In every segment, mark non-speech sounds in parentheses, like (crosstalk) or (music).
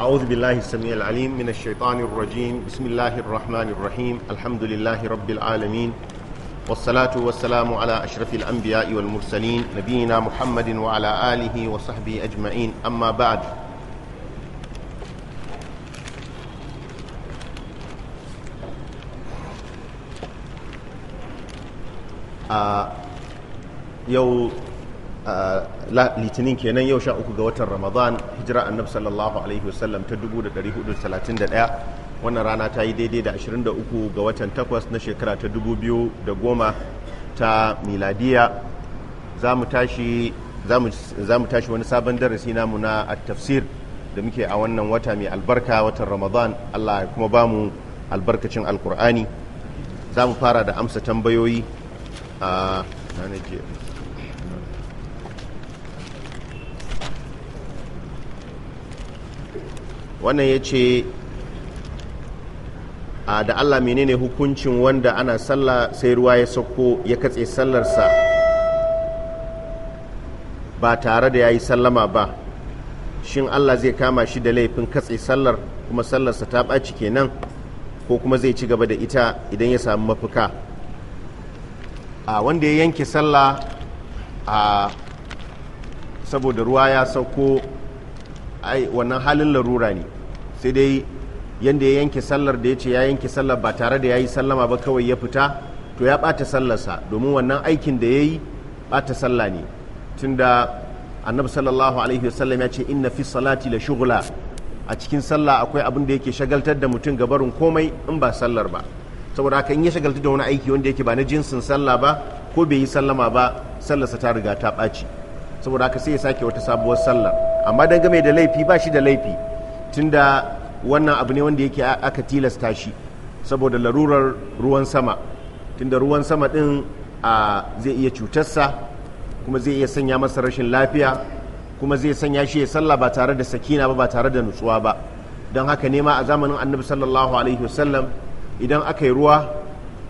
أعوذ بالله السميع العليم من الشيطان الرجيم بسم الله الرحمن الرحيم الحمد لله رب العالمين والصلاة والسلام على أشرف الأنبياء والمرسلين نبينا محمد وعلى آله وصحبه أجمعين أما بعد آه يوم litinin kenan yau sha uku ga watan ramadan hijira annabi sallallahu alaihi wasallam ta 1431 wannan rana ta yi daidai da 23 ga watan 8 na shekara ta 2010 ta miladiya za mu tashi wani sabon darasi namu na tafsir da muke a wannan wata mai albarka watan ramadan allah ya kuma bamu albarkacin alkur'ani za mu fara da amsa tambayoyi ah, a wannan ya ce a da allah menene hukuncin wanda ana sallah sai ruwa ya sauko ya katse sallarsa ba tare da ya yi sallama ba shin allah zai kama shi da laifin katse sallar kuma sallarsa ta ɓaci kenan ko kuma zai ci gaba da ita idan ya samu mafuka a wanda ya yanke sallah a saboda ruwa ya sauko wannan halin larura ne sai dai yadda ya yanke sallar da ya ce ya yanke sallar ba tare da ya yi sallama ba kawai ya fita to ya ɓata sallarsa domin wannan aikin da ya yi ɓata sallah ne tunda annabi sallallahu alaihi wasallam ya ce inna fi salati la shughla a cikin sallah akwai abin da yake shagaltar da mutum gabarin komai in ba sallar ba saboda haka in ya shagaltar da wani aiki wanda yake ba na jinsin sallah ba ko bai yi sallama ba sallarsa ta riga ta ɓaci saboda haka sai ya sake wata sabuwar sallar amma dangane da laifi ba shi da laifi tunda wannan abu ne wanda yake aka tilasta shi saboda larurar ruwan sama tunda ruwan sama din zai iya cutarsa kuma zai iya sanya masa rashin lafiya kuma zai sanya shi ya sallah ba tare da sakina ba ba tare da nutsuwa ba don haka nema a zamanin annabi sallallahu alaihi wasallam idan aka yi ruwa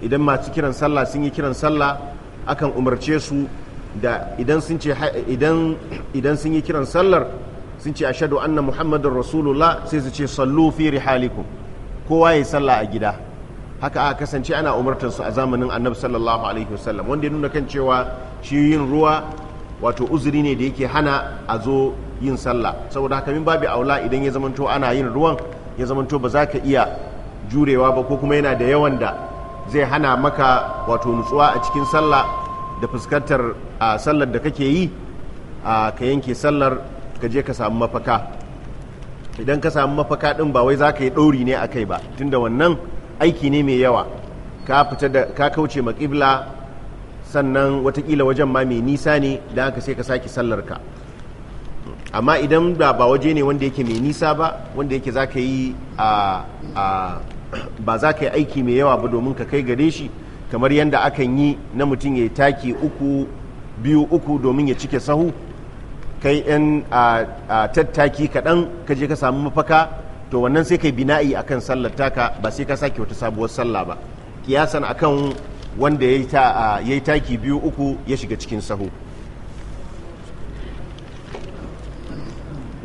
idan masu kiran sallah sun yi kiran sallah akan umarce su da idan sun yi kiran sallar sun ce ashadu anna muhammadin rasulullah sai su ce sallu fi rihalikum kowa ya sallah a gida haka aka kasance ana umartar su a zamanin annabi sallallahu alaihi wasallam wanda ya nuna kan cewa shi yin ruwa wato uzuri ne da yake hana a zo yin sallah saboda haka min babu aula idan ya zamanto ana yin ruwan ya zamanto ba za ka iya jurewa ba ko kuma yana da yawan da zai hana maka wato nutsuwa a cikin sallah da fuskantar sallar da kake yi ka yanke sallar ka je ka samu mafaka idan ka samu mafaka din ba wai za ka yi ɗori ne a kai ba tunda wannan aiki ne mai yawa ka fita da ka kauce maƙibla sannan watakila wajen ma mai nisa ne don haka sai ka sake sallar ka amma idan ba ba waje ne wanda yake mai nisa ba wanda yake za ka yi a ba za ka yi aiki mai yawa ba domin ka kai gare shi kamar yadda akan yi na mutum ya taki uku biyu uku domin ya cike sahu kai yan tattaki kaɗan ka je ka samu mafaka to wannan sai kai bina'i kan sallar taka ba sai ka sake wata sabuwar sallah ba kiyasan akan wanda ya yi taki biyu uku ya shiga cikin sahu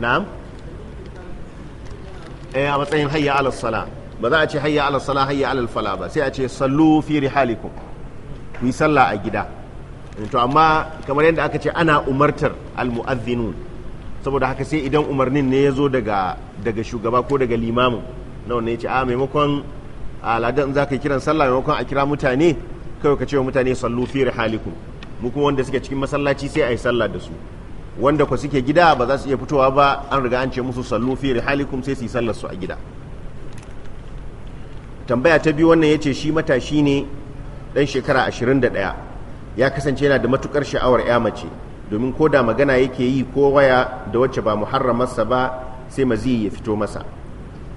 na'am eh a matsayin hayya ala ba za a ce hayya ala sala hayya ala fala ba sai a ce sallu fi rihalikum ku yi sallah a gida to amma kamar yadda aka ce ana umartar almu'azzinu saboda haka sai idan umarnin ne ya zo daga daga shugaba ko daga limamin na wannan yace a maimakon aladan za ka kiran sallah maimakon a kira mutane kawai ka ce wa mutane sallu fi rihalikum mu kuma wanda suke cikin masallaci sai a yi sallah da su wanda ku suke gida ba za su iya fitowa ba an riga an ce musu sallu fi rihalikum sai su yi sallar su a gida tambaya ta biyu wannan ya ce shi matashi ne dan shekara da 21 ya kasance yana da matukar sha'awar ya mace domin ko da magana yake yi ko waya da wacce ba muharramarsa ba sai maziyi ya fito masa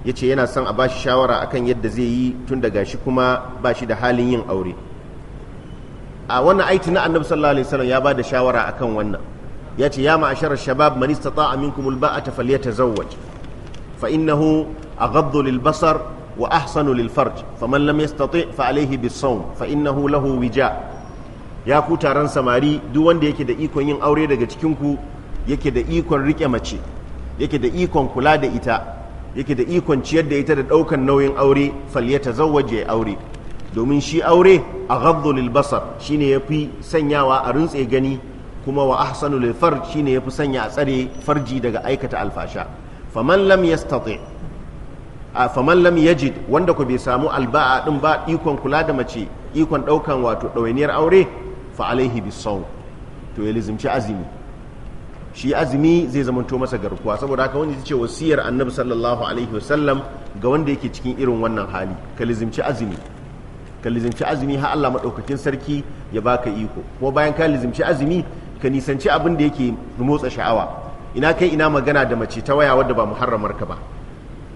ya ce yana son a bashi shawara akan yadda zai yi tun daga shi kuma ba shi da halin yin aure a wannan aiti na annabi sallallahu alaihi wasallam ya ba da shawara akan wannan ya ce ya ma'asharar shabab man istata'a minkum Falyata falyatazawwaj fa innahu aghaddu lil basar wa ahsanu lil farj faman lam yastati' fa alayhi bis sawm fa innahu lahu wija' ya ku taron samari duk wanda yake da ikon yin aure daga cikinku yake da ikon rike mace yake da ikon kula da ita yake da ikon ciyar da ita da ɗaukan nauyin aure falyata zawaje aure domin shi aure a ghaddulil basar shine yafi sanyawa a rintse gani kuma wa ahsanu lil farj shine yafi sanya a tsare farji daga aikata alfasha faman lam yastati faman lam yajid wanda ku bai samu alba'a din ba ikon kula da mace ikon ɗaukan wato ɗawainiyar aure fa alaihi bisawm to ya lizimci azumi shi azumi zai zamanto masa garkuwa saboda haka wani ce wasiyar annabi sallallahu alaihi wasallam ga wanda yake cikin irin wannan hali ka lizimci azumi ka lizimci azumi har Allah madaukakin sarki ya baka iko ko bayan ka lizimci azumi ka nisanci abin da yake motsa sha'awa ina kai ina magana da mace ta waya wadda ba muharramar ka ba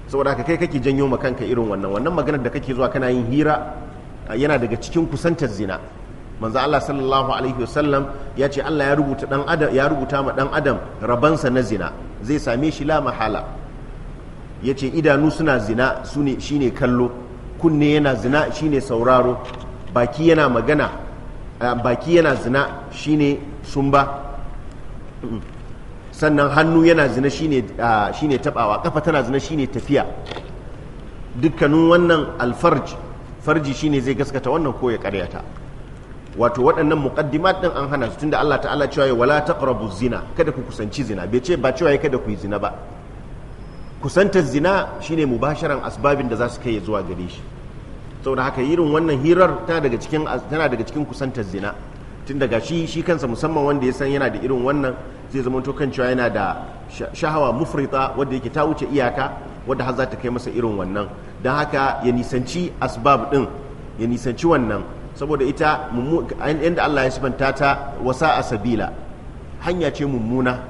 saboda haka kai kake janyo ma kanka irin wannan wannan maganar da kake zuwa kana yin hira yana daga cikin kusantar zina manzo Allah sallallahu alaihi wasallam ya ce Allah ya rubuta dan adam ya rubuta ma dan adam rabansa na zina zai same shi la mahala ya ce idanu suna zina sune shine kallo kunne yana zina shine sauraro baki yana magana baki yana zina shine sumba sannan hannu yana zina shine shine tabawa kafa tana zina shine tafiya dukkanin wannan alfarj farji shine zai gaskata wannan ko ya karyata wato waɗannan muqaddimat din an hana su tunda Allah ta'ala cewa wala taqrabu zina kada ku kusanci zina bai ce ba cewa kada ku yi zina ba kusantar zina shine mubasharan asbabin da za su kai ya zuwa gare shi saboda haka irin wannan hirar tana daga cikin kusantar zina tun daga shi shi kansa musamman wanda ya san yana da irin wannan zai zama to kan cewa yana da shahawa mufrita wadda yake ta wuce iyaka wadda har za ta kai masa irin wannan don haka ya nisanci asbab din ya nisanci wannan saboda ita yadda Allah ya sifanta ta wasa a sabila hanya ce mummuna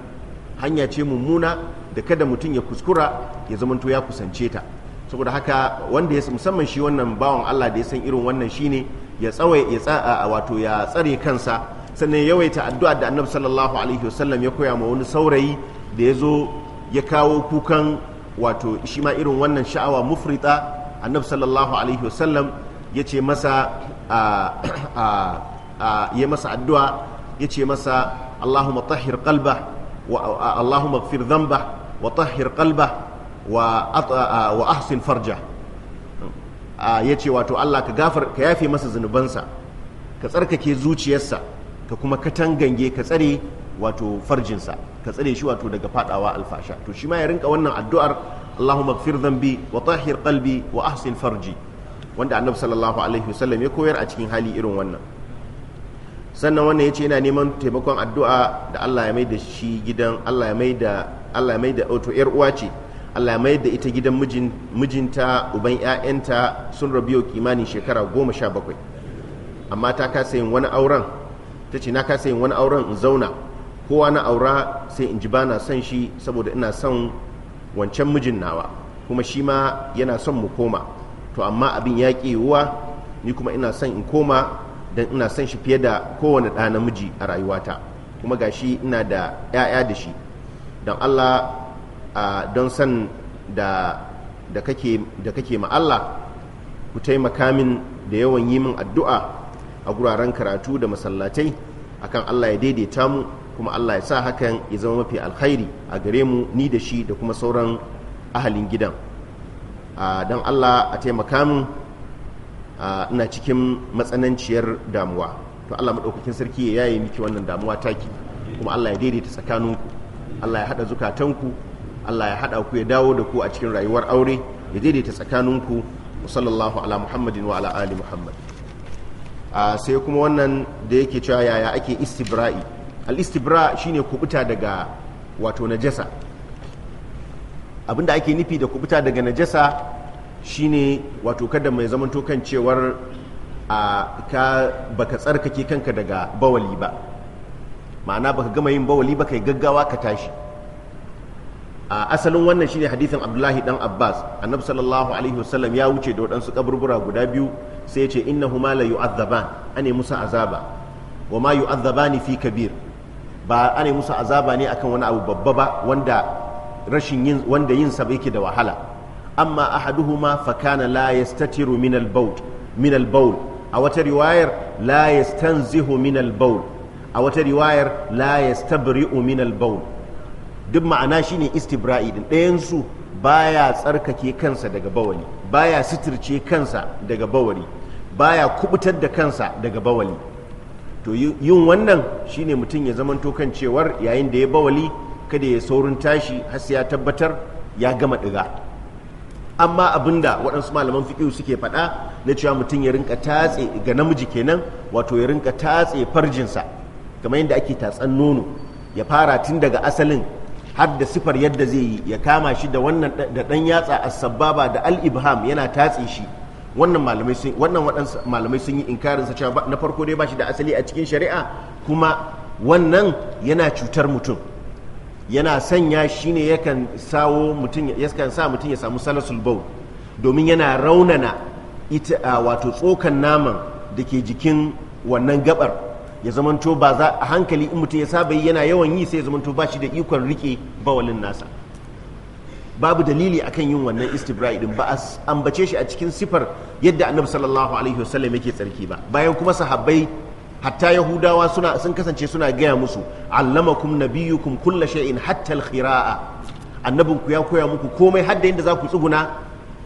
hanya ce mummuna da kada mutum ya kuskura ya zamanto ya kusance ta saboda haka wanda ya musamman shi wannan bawan Allah da ya san irin wannan shine ya tsawai ya a wato ya tsare kansa sannan yawaita addu'a da annabi sallallahu alaihi wasallam ya koya ma wani saurayi da ya zo ya kawo kukan wato shi ma irin wannan sha'awa mufrita annabi sallallahu alaihi wasallam ya ce masa ya masa addu'a ya ce masa Allahumma tahhir qalba wa Allahumma ighfir dhanba wa tahhir qalba wa wa ahsin farja ya ce wato Allah ka gafar ka yafe masa zunubansa ka tsarkake zuciyarsa ka kuma katangange ka tsare wato farjinsa ka tsare shi wato daga fadawa alfasha to shi ma ya rinka wannan addu'ar Allahumma ighfir dhanbi wa tahhir qalbi wa ahsin farji wanda annabi sallallahu alaihi wasallam ya koyar a cikin hali irin wannan sannan wannan ya ce yana neman taimakon addu'a da Allah ya mai da shi gidan Allah ya mai da Allah ya mai da auto yar uwa ce Allah ya mai da ita gidan mijinta uban 'ya'yanta sun rabiyo kimanin shekara goma sha bakwai amma ta kasa yin wani auren ta ce na kasa yin wani auren in zauna kowa na aura sai in ji bana son shi saboda ina son wancan mijin nawa kuma shi ma yana son mu koma to amma abin ya ni kuma ina son in koma don ina son shi fiye da kowane ɗa namiji a rayuwata kuma ga shi ina da 'ya'ya da shi don allah don san da kake da kake ma Allah ku taimaka min da yawan yi min addu'a a guraren karatu da masallatai akan Allah ya daidaita mu kuma Allah ya sa hakan ya zama mafi alkhairi a gare mu ni da shi da kuma sauran ahalin gidan don allah a taimaka min ina cikin matsananciyar damuwa to allah maɗaukakin sarki ya yaye miki wannan damuwa taki kuma allah ya daidaita tsakaninku allah ya haɗa zukatanku allah ya haɗa ku ya dawo da ku a cikin rayuwar aure ya daidaita tsakaninku musallallahu ala muhammadin wa ala ali muhammad sai kuma wannan da yake cewa yaya ake istibra'i al-istibra shine kubuta daga wato najasa abinda ake nufi da kubuta daga najasa shine wato kada mai zamanto kan cewar a ka baka tsarkake kanka daga bawali ba ma'ana baka gama yin bawali ba kai gaggawa ka tashi a asalin wannan shine hadithin abdullahi dan abbas annabi sallallahu alaihi wasallam ya wuce da waɗansu kaburbura guda biyu sai ya ce innahuma la yu'adhaban ane musa azaba wa ma yu'adhabani fi kabir ba ane musa azaba ne akan wani abu babba ba wanda rashin yin wanda yin sa yake da wahala amma ahaduhuma fa kana la yastatiru min al-bawl min al-bawl a wata riwayar la yastanzihu min al-bawl a wata riwayar la yastabri'u min al-bawl duk ma'ana shine istibra'i din ɗayan su baya tsarkake kansa daga bawali baya sitirce kansa daga bawali baya kubutar da kansa daga bawali to yin wannan shine mutum ya zamanto kan cewar yayin da ya bawali kada ya saurin tashi har sai ya tabbatar ya gama ɗiga amma abin da waɗansu malaman fiƙiyu suke faɗa na cewa mutum ya rinka tatse ga namiji kenan wato ya rinka tatse farjinsa kamar yadda ake tatsan nono ya fara tun daga asalin har da sifar yadda zai yi ya kama shi da wannan da ɗan yatsa a asabbaba da al-ibham yana tatse shi wannan sun waɗansu malamai sun yi inkarin sa cewa na farko dai ba shi da asali a cikin shari'a kuma wannan yana cutar mutum yana sanya shi ne yakan sawo sa mutum ya samu salasul bau domin yana raunana ita a wato tsokan naman da ke jikin wannan gabar ya zamanto ba za a hankali in mutum ya saba yana yawan yi sai ya zamanto ba shi da ikon rike bawalin nasa babu dalili akan yin wannan istibra'i din ba a ambace shi a cikin sifar yadda annabi sallallahu alaihi wasallam yake tsarki ba bayan kuma sahabbai hatta yahudawa suna sun kasance suna gaya musu allamakum nabiyukum kulla shay'in hatta al-khira'a annabinku ya koya muku komai har da inda za ku tsuguna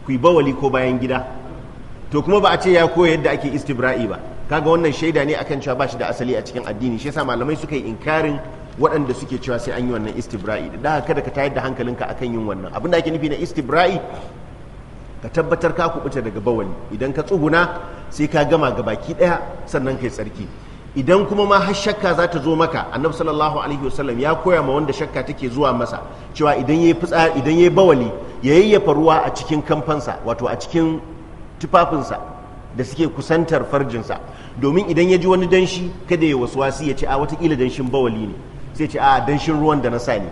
ku yi bawali ko bayan gida to kuma ba a ce ya koya yadda ake istibra'i ba kaga wannan shaida ne akan cewa ba shi da asali a cikin addini shi yasa malamai suka yi inkarin waɗanda suke cewa sai an yi wannan istibra'i da haka kada ka tayar da hankalinka akan yin wannan abin da ake nufi na istibra'i ka tabbatar ka kubuta daga bawali idan ka tsuguna sai ka gama ga baki ɗaya sannan kai tsarki idan kuma ma har shakka za ta zo maka annabi sallallahu alaihi wasallam ya koya ma wanda shakka take zuwa masa cewa idan yayi fitsa idan yayi bawali ya yayyafa ruwa a cikin kamfansa wato a cikin tufafinsa da suke kusantar farjinsa domin idan ya ji wani danshi kada ya wasuwasi ya ce a watakila danshin bawali ne sai ce a danshin ruwan da na sa ne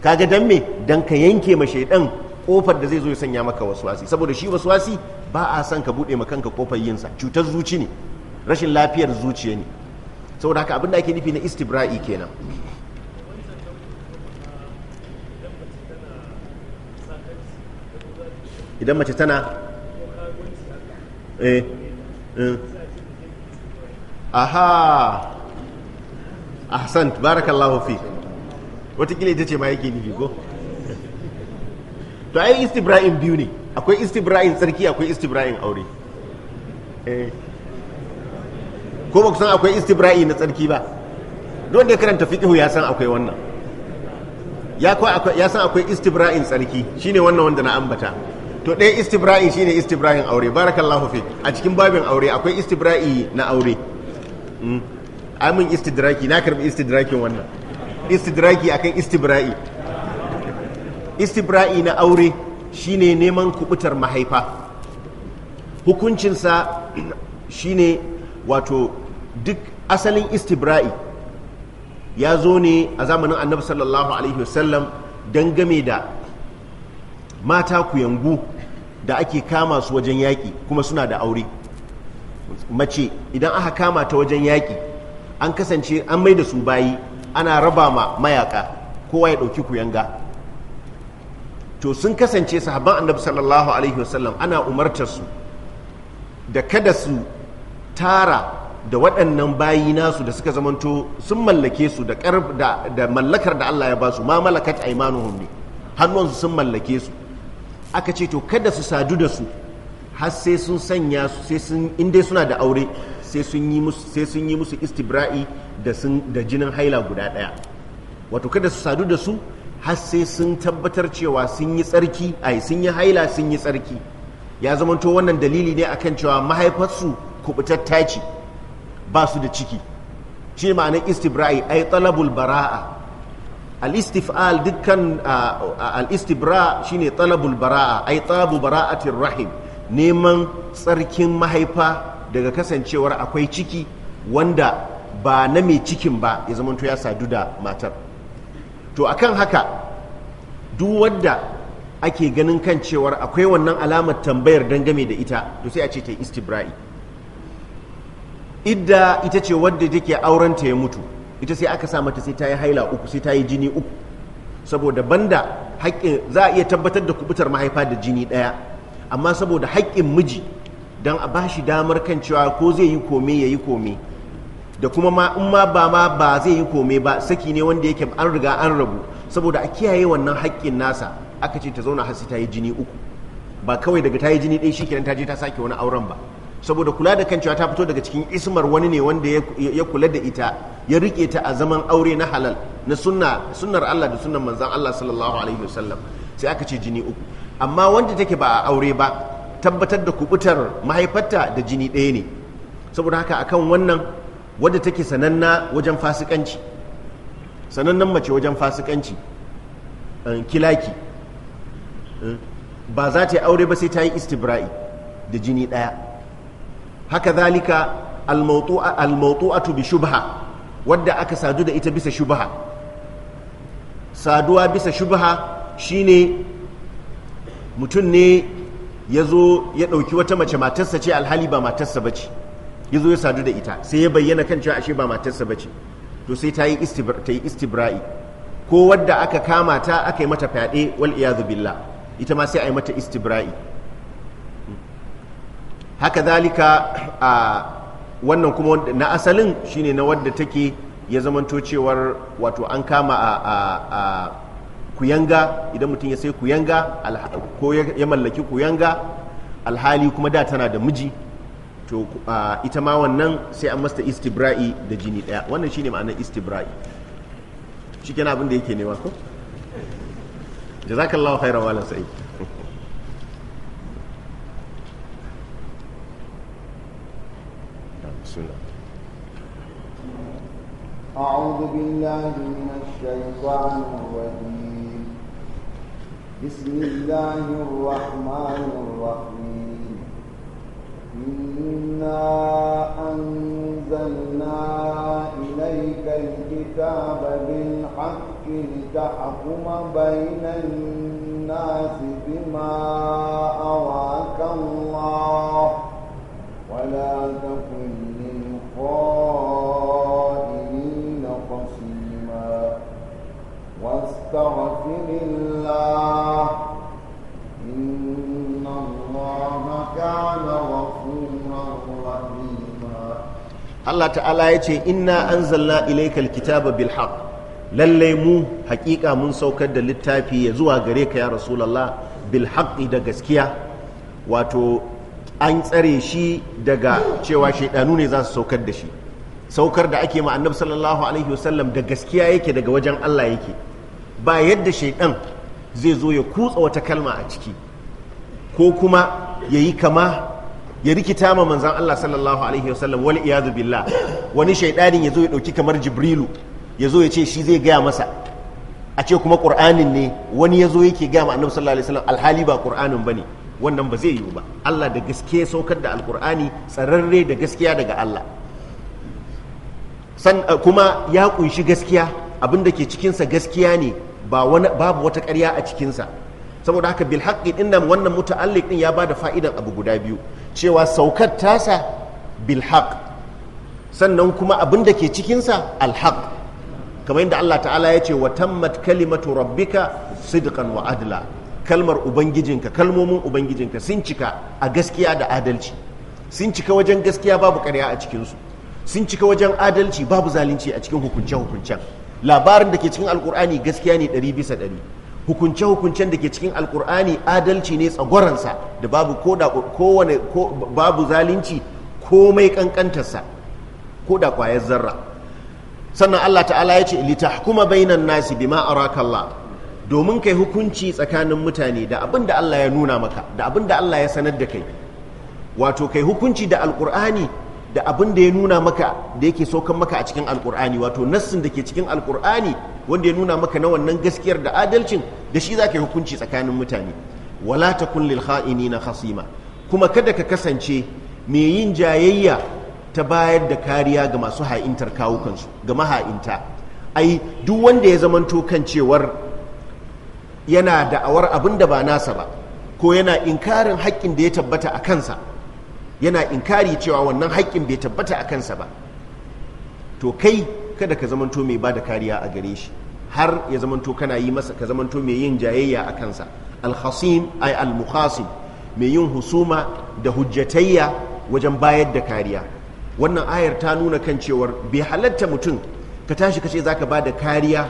kaga dan me dan ka yanke ma shaidan kofar da zai zo ya sanya maka waswasi saboda shi waswasi ba a son ka bude ma kanka kofar yinsa cutar zuci ne rashin lafiyar zuciya ne saboda haka abin da ake nufi na istibra'i kenan idan mace tana eh, eh. aha ahsan barakallahu fi wata ita ce ma yake nufi ko to ai istibra'in biyu ne akwai istibra'in tsarki akwai istibra'in aure eh. ko ba ku san akwai istibra'i na tsarki ba don da ya karanta fiqhu ya san akwai wannan ya ya san akwai istibra'in tsarki shine wannan wanda na ambata to ɗaya istibra'i shine istibra'in aure barakallahu fi a cikin babin aure akwai istibra'i na aure hmm. amin istidraki na karbi istidrakin wannan istidraki akan istibra'i istibra'i na aure shine neman kubutar mahaifa hukuncinsa shine wato duk asalin istibra'i ya zo ne a zamanin annabi sallallahu alaihi wasallam game da mata kuyangu da ake kama su wajen yaƙi kuma suna da aure mace idan aka kama ta wajen yaƙi an kasance an mai da su bayi ana raba ma mayaka kowa ya ɗauki kuyanga to sun kasance sahabban annabi sallallahu alaihi wasallam ana umartar su da kada su tara da waɗannan bayi nasu da suka zamanto sun mallake su da mallakar da Allah ya ba su ma malakat imanin ne hannunsu sun mallake su aka ce to kada su sadu da su har sai sun sanya su sai sun inda suna da aure sai sun yi musu sai sun istibra'i da jinin haila guda ɗaya wato kada su sadu da su har sai sun tabbatar cewa sun yi tsarki ai sun yi haila sun yi tsarki ya zamanto wannan dalili ne akan cewa mahaifarsu kubutatta ce ba su da ciki shi ma'anar istibra'i ai talabul bara'a al-istif'al dukkan al-istibra shine talabul bara'a ai tsabu bara'atir rahim neman tsarkin mahaifa daga kasancewar akwai ciki wanda ba na mai cikin ba ya zamanto ya sadu da matar to akan haka duk wadda ake ganin kan cewar akwai wannan alamar tambayar dangame da ita to sai a ce ta istibra'i idda ita ce wadda take aurenta ya mutu ita sai aka sa mata sai ta yi haila uku sai ta yi jini uku saboda banda haƙƙin za a iya tabbatar da kubutar mahaifa da jini ɗaya amma saboda haƙƙin miji don a ba shi damar kan cewa ko zai yi kome ya yi kome da kuma ma in ma ba ma ba zai yi kome ba saki ne wanda yake an riga an rabu saboda a kiyaye wannan haƙƙin nasa aka ce ta zauna har ta yi jini uku ba kawai daga ta yi jini ɗaya shikenan ta je ta sake wani auren ba saboda kula da kan cewa ta fito daga cikin ismar wani ne wanda ya kula da ita ya rike ta a zaman aure na halal na sunna sunnar Allah da sunnar manzon Allah sallallahu alaihi wasallam sai aka ce jini uku amma wanda take ba a aure ba tabbatar da kubutar mahaifarta da jini ɗaya ne saboda haka akan wannan wadda take sananna wajen fasikanci sanannan mace wajen fasikanci eh, kilaki eh, ba za ta yi aure ba sai ta yi istibra'i da jini ɗaya haka zalika almautu'atu bi shubha wadda aka sadu da ita bisa shubha saduwa bisa shubha shine mutum ne ya zo ya ɗauki wata mace matarsa ce alhali ba matarsa ba ce ya zo ya sadu da ita sai ya bayyana kan cewa ashe ba matarsa ba ce to sai ta yi istibra'i ko wadda aka kama ta aka yi mata fyaɗe wal iyadu billah ita ma sai a yi mata istibra'i haka zalika a wannan kuma na asalin shine na wadda take ya zamanto cewar wato an kama a kuyanga idan mutum ya sai kuyanga ko ya mallaki kuyanga alhali kuma da tana da miji to ita ma wannan sai an masta istibra'i da jini daya wannan shine ma'anar istibra'i shi kenan abin da yake nema ko jazakallahu khairan malam sa'id أعوذ بالله من الشيطان الرجيم بسم الله الرحمن الرحيم إنا أنزلنا إليك الكتاب بالحق لتحكم بين الناس بما أراك الله ولا تكن للخائنين خصيما واستغفر الله إن الله كان غفورا Allah ta'ala ya ce inna anzalna ilaikal kitaba bil haq lallai mu hakika mun saukar da littafi ya zuwa gare ka ya rasulullah bil haqqi da gaskiya wato an tsare shi daga cewa shaidanu ne za su saukar da shi saukar da ake ma annabi sallallahu alaihi wasallam da gaskiya yake daga wajen Allah yake ba yadda shaidan zai zo ya kutsa wata kalma a ciki ko kuma ya yi kama ya rikita ma manzan Allah sallallahu alaihi wasallam wal iyadu billah wani shaidanin ya zo ya dauki kamar jibrilu ya zo ya ce shi zai gaya masa a ce kuma qur'anin ne wani ya zo yake gaya ma annabi sallallahu alaihi wasallam alhali ba qur'anin bane wannan ba zai yiwu ba Allah da gaske saukar da alqur'ani tsararre da gaskiya daga Allah san eh, kuma ya kunshi gaskiya abinda ke cikinsa gaskiya ne ba wani babu wata ƙarya a cikinsa saboda haka bil haqqi nan wannan muta'alliq ɗin ya bada fa'idan abu guda biyu cewa saukar tasa bil haƙ sannan kuma abin da ke cikinsa sa kamar yadda Allah ta'ala ya ce wa tammat kalimatu rabbika sidqan wa adla kalmar ubangijinka kalmomin ubangijinka sun cika a gaskiya da adalci sun cika wajen gaskiya babu ƙarya a cikinsu sun cika wajen adalci babu zalunci a cikin hukunce-hukuncen labarin da ke cikin alkur'ani gaskiya ne ɗari bisa ɗari hukunce-hukuncen da ke cikin alkur'ani adalci ne tsagoransa da babu kowane babu zalunci komai kankantarsa ko da kwayar zarra sannan Allah ta'ala ya ce kuma bainan nasi bima araka domin kai hukunci tsakanin mutane da abin da Allah ya nuna maka da abin da Allah ya sanar da kai wato kai hukunci da alkur'ani da abin da ya nuna maka da yake saukan maka a cikin alkur'ani wato nassin da ke cikin alkur'ani wanda ya nuna maka na wannan gaskiyar da adalcin da shi zaka yi hukunci tsakanin mutane wala takun lil na khasima kuma kada ka kasance mai yin jayayya ta bayar da kariya ga masu ha'intar kawukansu ga maha'inta ai duk wanda ya zamanto kan cewar yana da'awar abin da ba nasa ba ko yana inkarin haƙƙin da ya tabbata a kansa yana inkari cewa wannan haƙƙin bai tabbata a kansa ba to kai kada ka zamanto mai ba da kariya a gare shi har ya zamanto kana yi masa ka zamanto mai yin jayayya a kansa alhasim ay almukhasim mai yin husuma da hujjatayya wajen bayar da kariya wannan ayar ta nuna kan cewar bai halatta mutum ka tashi ka kace ka ba da kariya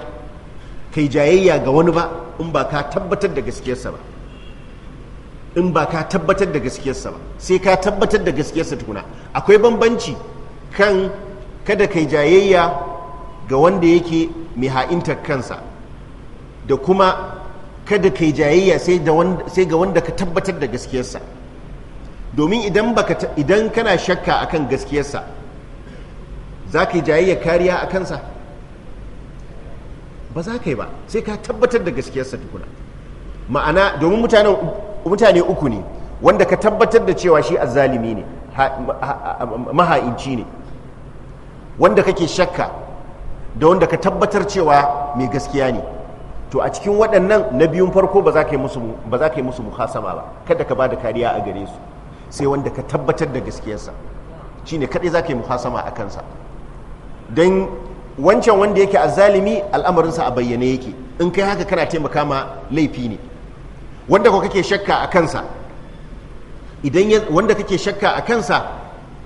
kai jayayya ga wani ba in ba ka tabbatar da gaskiyarsa ba in ba ka tabbatar da gaskiyarsa ba sai ka tabbatar da gaskiyarsa tukuna akwai bambanci kan kada kai jayayya ga wanda yake mai ha'intar kansa da kuma kada kai jayayya sai ga wanda ka tabbatar da gaskiyarsa domin idan kana shakka akan gaskiyarsa za ka yi jayayya kariya a kansa ba za ka yi ba sai ka tabbatar da gaskiyarsa tukuna ma'ana domin mutanen mutane uku ne wanda ka tabbatar da cewa shi azzalimi ne maha'inci ne wanda kake shakka da wanda ka tabbatar cewa mai gaskiya ne to a cikin waɗannan na biyun farko ba za ka yi musu muhasama ba kada ka ba da kariya a gare su sai wanda ka tabbatar da gaskiyarsa shine kaɗai za ka yi muhasama a kansa don wancan wanda yake azzalimi al'amarinsa a bayyane yake in kai haka kana taimaka ma laifi ne wanda ko kake shakka a kansa idan wanda kake shakka a kansa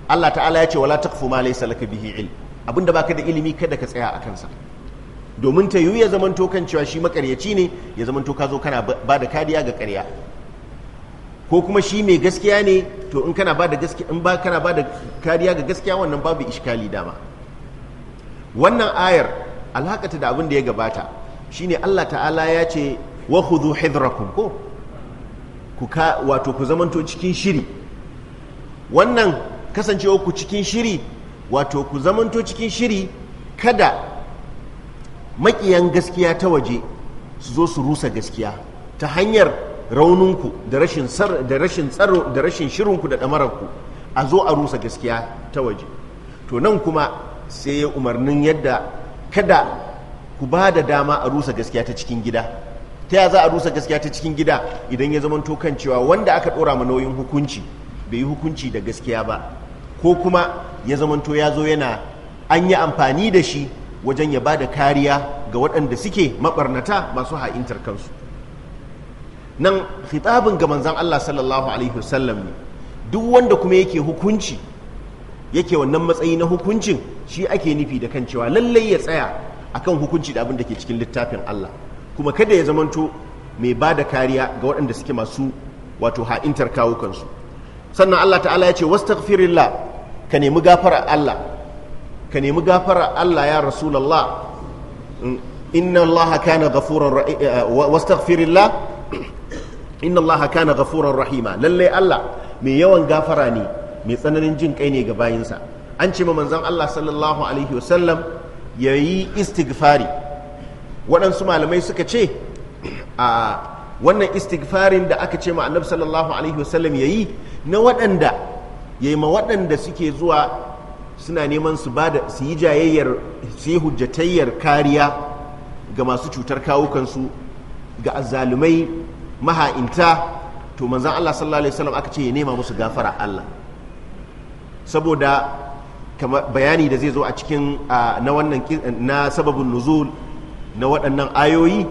Allah ta'ala ya ce wala taqfu ma laysa laka bihi ilm abinda baka da ilimi kada ka tsaya a kansa domin ta yiwu ya to kan cewa shi makaryaci ne ya to ka zo kana ba da kariya ga karya ko kuma shi mai gaskiya ne to in kana ba da gaskiya in ba kana ba da kariya ga gaskiya wannan babu iskali dama wannan ayar alhakata da abin da ya gabata shine Allah ta'ala ya ce wa khudhu hidrakum ko wato ku zamanto cikin shiri wannan kasancewa ku cikin shiri wato ku zamanto cikin shiri kada makiyan gaskiya ta waje su zo su rusa gaskiya ta hanyar rauninku da rashin da rashin tsaro da rashin shirinku da ɗamararku a zo a rusa gaskiya ta waje to nan kuma sai ya umarnin yadda kada ku ba da dama a rusa gaskiya ta cikin gida ta ya za a rusa gaskiya ta cikin gida idan ya zama to kan cewa wanda aka ɗora ma nauyin hukunci bai yi hukunci da gaskiya ba ko kuma ya zama to ya zo yana an yi amfani da shi wajen ya ba da kariya ga waɗanda suke maɓarnata masu ha'intar kansu nan fitabin ga manzan Allah sallallahu alaihi wasallam ne duk wanda kuma yake hukunci yake wannan matsayi na hukuncin shi ake nufi da kan cewa lallai ya tsaya akan hukunci da abin da ke cikin littafin Allah kuma kada ya zamanto mai ba da kariya ga waɗanda suke masu wato ha'intar kawo kansu sannan Allah ta'ala ya ce wastaghfirillah ka nemi gafara Allah ka nemi gafara Allah ya rasulallah. inna Allah kana ghafuran eh, eh, wastaghfirillah inna Allah kana ghafuran rahima lalle Allah mai yawan gafara ne mai tsananin jin kai ne ga bayinsa an ce ma manzon Allah sallallahu alaihi wasallam yayi istighfari waɗansu malamai suka ce a wannan istighfarin da aka ce ma annabi sallallahu alaihi wasallam yayi na waɗanda yayi ma waɗanda suke zuwa suna neman su bada su yi jayayyar su yi hujjatayyar kariya ga masu cutar kawukansu ga azalumai maha'inta to manzan Allah sallallahu alaihi wasallam aka ce ya nema musu gafara Allah saboda bayani da zai zo a cikin na wannan na sababin nuzul na waɗannan ayoyi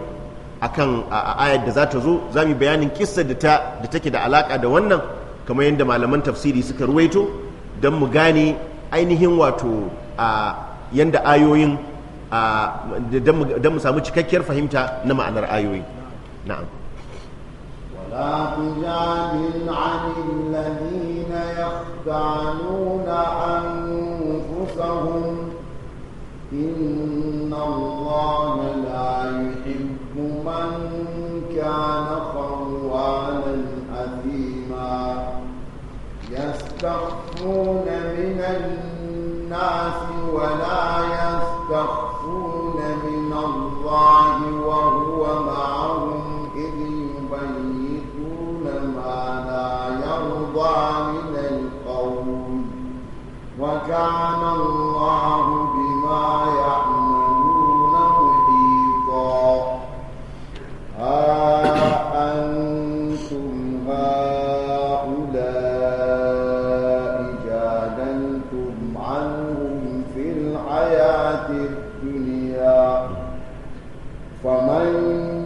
akan ayar da za ta zo za mu bayanin kissa da take da alaƙa da wannan kamar yadda malaman tafsiri suka ruwaito don mu gane ainihin wato a yadda ayoyin don mu samu cikakkiyar fahimta na ma'anar ayoyi na'am تجادل عن الذين أنفسهم إن إن الله لا يحب من كان خوانا أثيما يستخفون من الناس ولا يستخفون من الله وهو معهم إذ يبيتون ما لا يرضى من القول وكان الله بما يعلم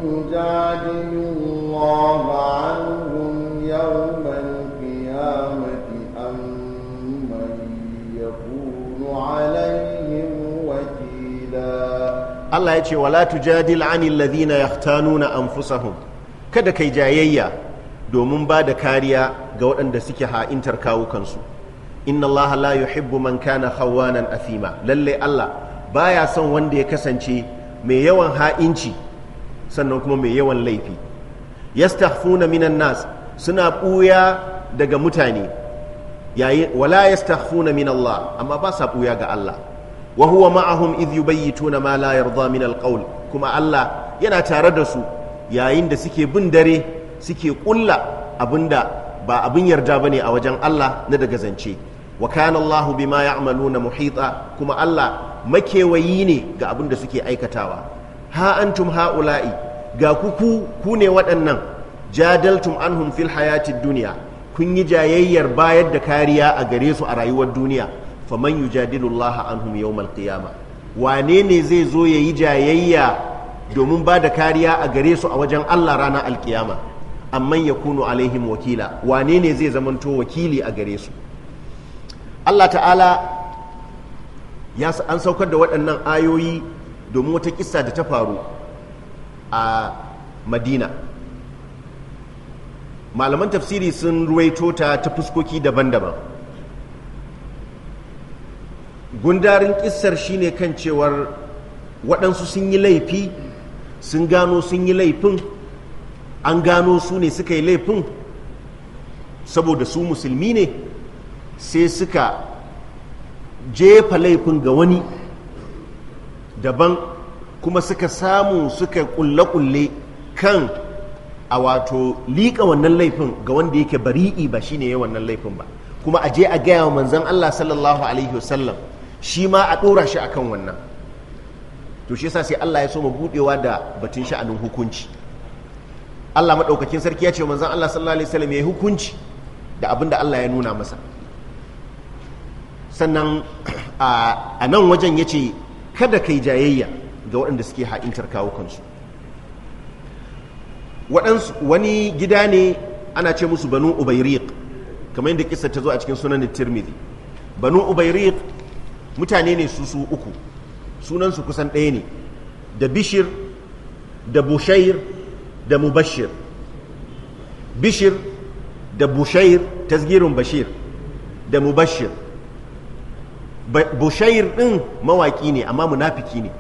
يجادل الله عنهم يوم القيامة أم من يكون عليهم وكيلا الله يقول ولا kada kai jayayya domin ba da kariya ga waɗanda suke ha'intar kawukansu inna Allah la yuhibbu man kana khawanan athima lalle Allah baya son wanda ya kasance mai yawan ha'inci sannan kuma mai yawan laifi stafuna minan nas suna ɓuya daga mutane Wala wala stafuna min Allah amma ba sa ɓuya ga Allah wa huwa ma'ahum idh yubayyituna ma la yarda min kuma Allah yana tare da su yayin da suke bin dare suke kulla abinda ba abin yarda bane a wajen Allah na daga zance wa kana Allahu bima ya'maluna muhita kuma Allah makewayi ne ga abin da suke aikatawa ha antum ha'ula'i ga kuku ku ne waɗannan jadaltum anhum fil hayatin duniya kun yi jayayyar bayar da kariya a gare su a rayuwar duniya faman yujadilullaha anhum yawmal qiyama wane ne zai zo ya yi jayayya domin ba da kariya a gare su a wajen Allah ranar alkiyama amman kunu alaihim wakila wane ne zai zamanto wakili a gare su Allah ta'ala ya an saukar da waɗannan ayoyi domin wata kissa da ta faru a madina malaman tafsiri sun ruwaito ta ta fuskoki daban-daban gundarin kissar shine kan cewar waɗansu sun yi laifi sun gano sun yi laifin an gano su ne suka yi laifin saboda su musulmi ne sai suka jefa laifin ga wani daban kuma suka samu suka kulle-kulle kan a wato liƙa wannan laifin ga wanda yake bari'i ba shine ya wannan laifin ba kuma a je a gaya wa manzan Allah sallallahu alaihi wasallam shi ma a ɗora shi akan wannan to shi yasa sai Allah ya so mu buɗewa da batun sha'anin hukunci Allah maɗaukakin sarki ya ce manzan Allah sallallahu alaihi wasallam ya yi hukunci da abin da Allah ya nuna masa sannan a nan wajen ya ce kada yi jayayya ga waɗanda suke ha'intar kawo kansu waɗansu wani gida ne ana ce musu banu ubairiq kamar yadda kisa ta zo a cikin sunan tirmidhi banu ubairiq mutane ne su su uku sunansu kusan ɗaya ne da bishir da bushair da mubashir bishir da bushair tasgirin bashir da mubashir bushair ɗin mawaƙi ne amma munafiki ne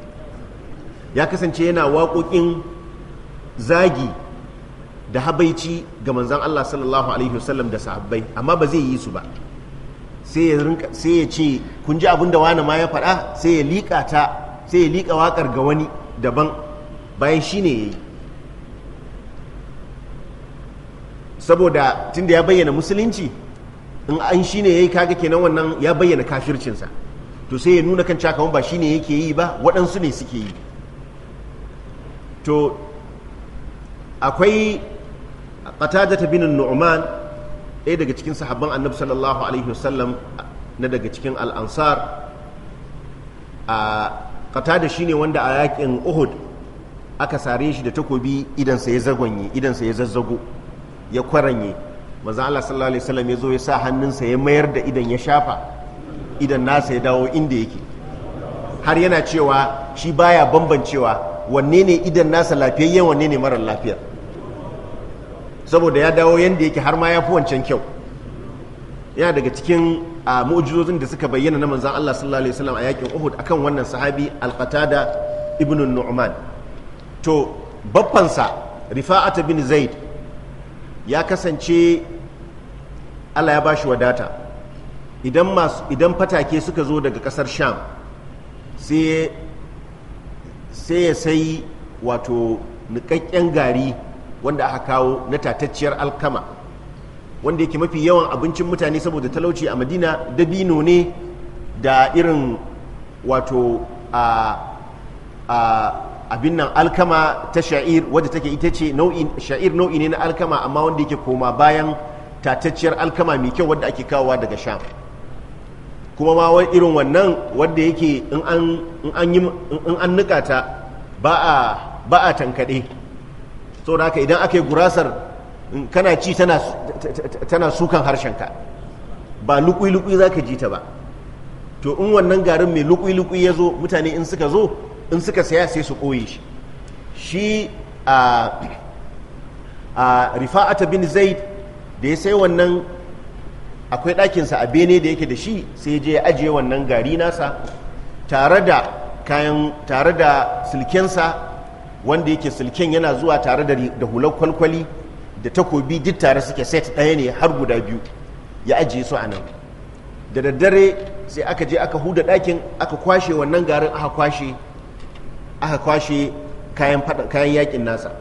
ya kasance yana waƙoƙin zagi da habaici ga manzan Allah sallallahu alaihi wasallam da sahabbai amma ba zai yi su ba sai ya ce kun ji abin da wani ma ya faɗa sai ya liƙa ta sai ya liƙa waƙar ga wani daban bayan shi ne ya yi saboda tunda ya bayyana musulunci in an shi ne ya yi kaga kenan wannan ya bayyana kafircinsa to sai ya nuna kan cewa ba shi ne yake yi ba waɗansu ne suke yi to akwai qatada ta binin nu'man ɗaya daga cikin sahabban annabi sallallahu alaihi wasallam na daga cikin al'ansar a shi ne wanda a yakin uhud aka sare shi da takobi idansa ya zagonye idansa ya zazzago ya kwaranye maza Allah sallallahu alaihi wasallam ya zo ya sa hannunsa ya mayar da idan ya shafa idan nasa ya dawo inda yake har yana cewa shi baya bambancewa wanne ne idan nasa lafiyayyen wanne ne marar lafiyar saboda ya dawo yadda yake har ma ya fi wancan kyau yana daga cikin mu'jizozin da suka bayyana na manzan Allah sallallahu alaihi wasallam a yakin Uhud akan wannan sahabi Al-Qatada ibn Nu'man to baffansa Rifa'at bin Zaid ya kasance Allah ya bashi wadata idan masu idan fatake suka zo daga kasar sham sai ya sai wato nikakken gari wanda aka kawo na tatacciyar alkama wanda yake mafi yawan abincin mutane saboda talauci a madina dabino ne da irin wato a abin nan alkama ta sha'ir wadda take ita ce sha'ir nau'i ne na alkama amma wanda yake koma bayan tatacciyar alkama mai kyau wadda ake kawowa daga sham kuma ma irin wannan wadda yake in an nika ta ba a tankaɗe saboda haka idan aka yi gurasar kana ci tana sukan harshen ka ba lukui-lukui za ka ji ta ba to in wannan garin mai lukui-lukui ya zo mutane in suka zo in suka saya sai su koye shi shi a ah, ah, rifa'ata bin zaid da ya sai wannan akwai ɗakinsa a bene da yake da shi sai je ya ajiye wannan gari nasa tare da kayan tare da silkensa wanda yake silken yana zuwa tare da hular kwalkwali da takobi duk tare suke set ɗaya ne har guda biyu ya ajiye su a nan da daddare sai aka je aka huda ɗakin aka kwashe wannan garin aka kwashe kayan yakin nasa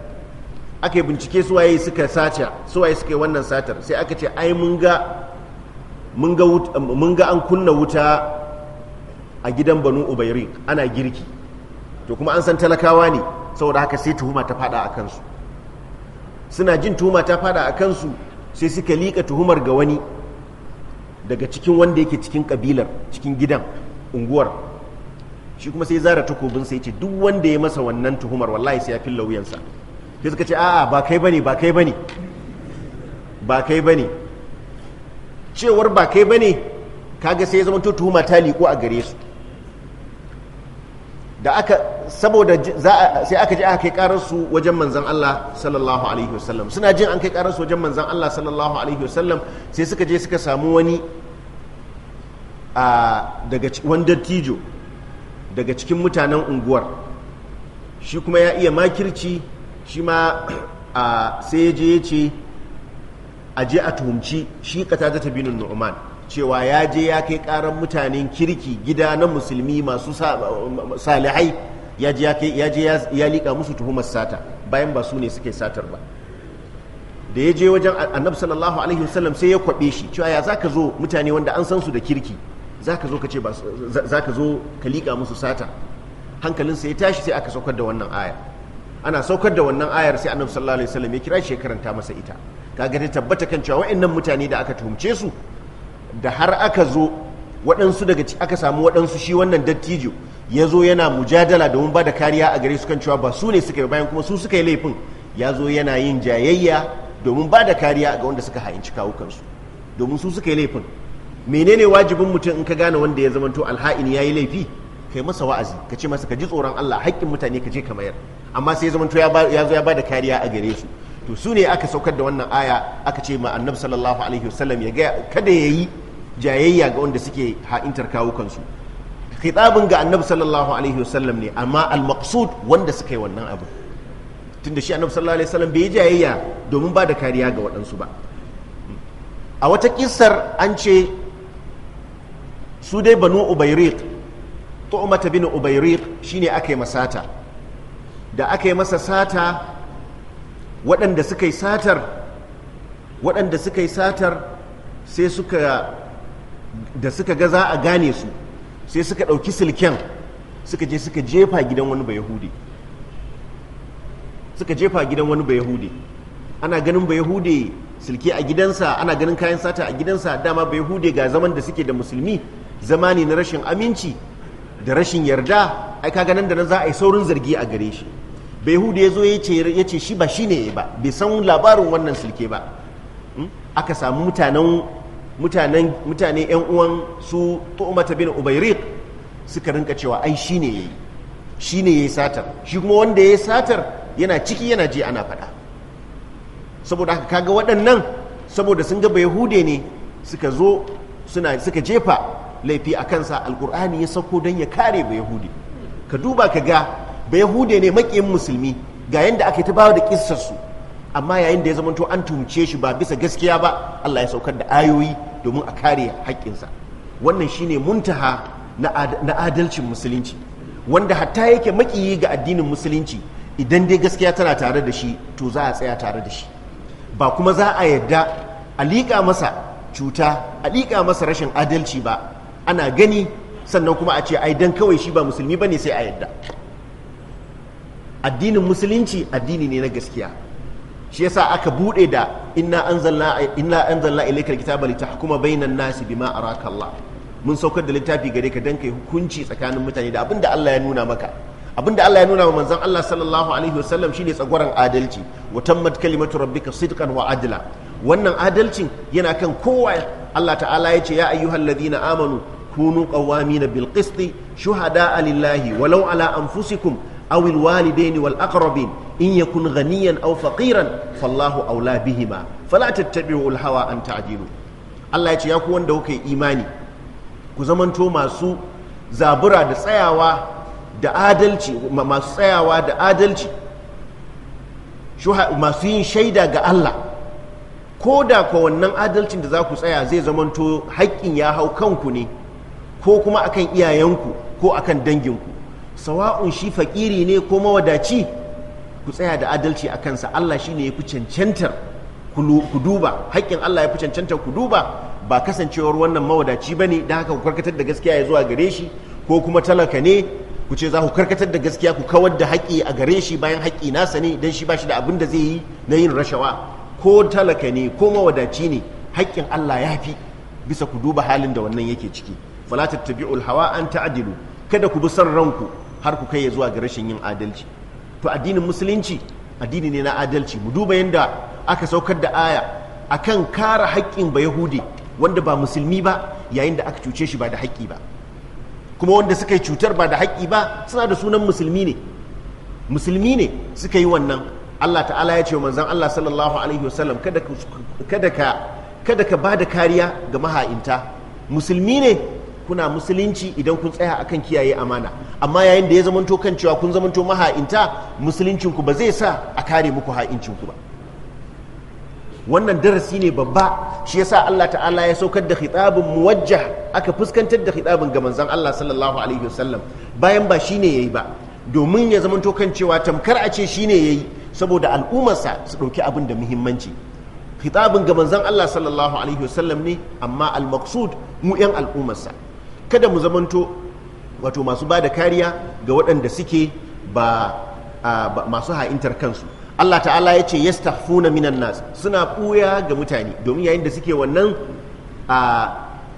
aka yi bincike suwaye suka sace suwaye suka yi wannan satar sai aka ce ai mun ga an kunna wuta a gidan banu ubairin ana girki to kuma an san talakawa ne saboda haka sai tuhuma ta fada a kansu suna jin tuhuma ta fada a kansu sai suka liƙa tuhumar ga wani daga cikin wanda yake cikin kabilar cikin gidan unguwar shi kuma sai zara takobin sai ce duk wanda ya masa wannan tuhumar wallahi sai ya fi lauyansa. sai suka ce a'a ba kai bane ba kai bane ba kai bane cewar ba kai bane kaga sai ya zama tuhuma ta liko a gare su da aka saboda sai aka je aka kai karar su wajen manzon Allah sallallahu alaihi wasallam suna jin an kai karar su wajen manzon Allah sallallahu alaihi wasallam sai suka je suka samu wani daga wani dattijo daga cikin mutanen unguwar shi kuma ya iya makirci shi ma sai ya je ce a je a tuhumci shi kata ta binin nu'man cewa ya je ya kai karan mutanen kirki gida na musulmi masu salihai ya je ya liƙa musu tuhumar sata bayan ba su ne suke satar ba da ya je wajen annabi sallallahu alaihi wasallam sai ya kwaɓe shi cewa ya zaka zo mutane wanda an san su da kirki zaka zo ka ce zo ka liƙa musu sata hankalinsa ya tashi sai aka saukar da wannan aya ana saukar da wannan ayar sai annabi sallallahu alaihi wasallam ya kira shi karanta masa ita kaga ta tabbata kan cewa wa'annan mutane da aka tuhumce su da har aka zo waɗansu daga aka samu waɗansu shi wannan dattijo ya zo yana mujadala domin ba da kariya a gare su kan cewa ba su ne suka yi bayan kuma su suka yi laifin ya zo yana yin jayayya domin ba da kariya ga wanda suka hainci kawukansu domin su suka yi laifin menene wajibin mutum in ka gane wanda ya zamanto alha'in ya yi laifi kai masa wa'azi ka ce masa ka ji tsoron allah haƙƙin mutane ka je ka mayar amma sai zama to ya zo ya bada kariya a gare su to su ne aka saukar da wannan aya aka ce ma annabi sallallahu alaihi wasallam ya ga kada yayi jayayya ga wanda suke ha'intar kawo kansu khitabin ga annabi sallallahu alaihi wasallam ne amma al-maqsud wanda suka yi wannan abu tunda shi annabi sallallahu alaihi wasallam bai yi jayayya domin ba da kariya ga waɗansu ba a wata kissar an ce su dai banu ubayriq tu'mata bin ubayriq shine aka yi masata da aka yi masa sata waɗanda suka yi satar waɗanda suka yi satar sai suka da suka ga za a gane su sai suka ɗauki silken suka je suka jefa gidan wani bayahudi suka jefa gidan wani bayahudi ana ganin bayahudi silke a gidansa ana ganin kayan sata a gidansa dama bayahudi ga zaman da suke da musulmi zama ne na rashin aminci da rashin yarda ai kaga nan da nan za a yi saurin zargi a gare shi bai hudu ya zo ya ce shi ba shi ne ba bai san labarin wannan silke ba hmm? aka samu mutanen mutane yan uwan su tu'mata bin ubayriq suka rinka cewa ai shi ne yayi shi ne yayi satar shi kuma wanda yayi satar yana ciki yana ji ana faɗa saboda haka kaga waɗannan saboda sun ga bai hude ne suka zo suna suka jefa laifi a kansa alkur'ani ya sauko don ya kare bai hude ka duba ka ga ba yahude ne makiyin musulmi ga yanda ake ta bawa da kisarsu amma yayin da ya zama to an tuhumce shi ba bisa gaskiya ba Allah ya saukar da ayoyi domin a kare haƙƙinsa wannan shine muntaha na adalcin musulunci wanda hatta yake makiyi ga addinin musulunci idan dai gaskiya tana tare da shi to za a tsaya tare da shi ba kuma za a yadda a liƙa masa cuta a liƙa masa rashin adalci ba ana gani sannan kuma a ce ai dan kawai shi ba musulmi ne sai a yadda addinin musulunci addini ne na gaskiya shi yasa aka bude da inna anzalna inna anzalna ilayka alkitaba litahkuma bainan nasi bima araka Allah mun saukar da littafi gare ka dan kai hukunci tsakanin mutane da abinda Allah ya nuna maka abinda Allah ya nuna wa manzon Allah sallallahu alaihi wasallam shine tsagwaran adalci wa tammat kalimatu rabbika sidqan wa adla wannan adalcin yana kan kowa Allah ta'ala ya ce ya ayyuhalladhina amanu kunu qawwamina bil qisti shuhada lillahi walau ala anfusikum أو الوالدين والأقربين إن يكن غنيا أو فقيرا فالله أولى بهما فلا تتبعوا الهوى أن تعدلوا الله يتي يكو وند وكي إيماني كزمن تو ماسو زابرا دا سياوا دا آدلتي ماسو سياوا دا آدلتي شو ماسو ين شيدا غا الله كودا da ko wannan adalcin da za ku tsaya zai zamanto haƙƙin ya hau kanku ne ko kuma akan iyayenku ko akan danginku sawa'un shi faƙiri ne ko mawadaci ku tsaya da adalci a kansa Allah shi ne ya fi cancantar ku duba haƙƙin Allah ya fi cancantar ku duba ba kasancewar wannan mawadaci ba ne da haka ku karkatar da gaskiya ya zuwa gare shi ko kuma talaka ne ku ce za ku karkatar da gaskiya ku kawar da haƙƙi a gare shi bayan haƙƙi nasa ne don shi ba shi da abin da zai yi na yin rashawa ko talaka ne ko mawadaci ne haƙƙin Allah ya fi bisa ku duba halin da wannan yake ciki fala tattabi'ul hawa an ta'dilu kada ku bi son ranku har ku kai ya zuwa ga rashin yin adalci to addinin musulunci addini ne na adalci mu duba yadda aka saukar da aya akan kare haƙƙin ba yahudi wanda ba musulmi ba yayin da aka cuce shi ba da haƙƙi ba kuma wanda suka yi cutar ba da haƙƙi ba suna da sunan musulmi ne musulmi ne suka yi wannan Allah ta'ala ya ce wa manzan Allah sallallahu alaihi wasallam kada ka kada ka kada ka bada kariya ga maha'inta musulmi ne kuna musulunci idan kun tsaya akan kiyaye amana amma yayin da ya zamanto kan cewa kun zamanto maha'inta musuluncinku ba zai sa a kare muku ha'incinku ba wannan darasi ne babba shi yasa Allah ta'ala ya saukar da khitabun muwajjah aka fuskantar da khitabun ga manzon Allah sallallahu alaihi wasallam bayan ba shine yayi ba domin ya zamanto kan cewa tamkar a ce shine yayi saboda al'ummarsa su ɗauki abin da muhimmanci Khitabun ga manzon Allah sallallahu alaihi wasallam ne amma al-maqsud mu yan al'ummarsa kada mu zamanto wato masu ba da kariya ga waɗanda suke ba masu ha'intar kansu Allah ta'ala ya ce yastahfuna minan nas suna ɓuya ga mutane domin yayin da suke wannan a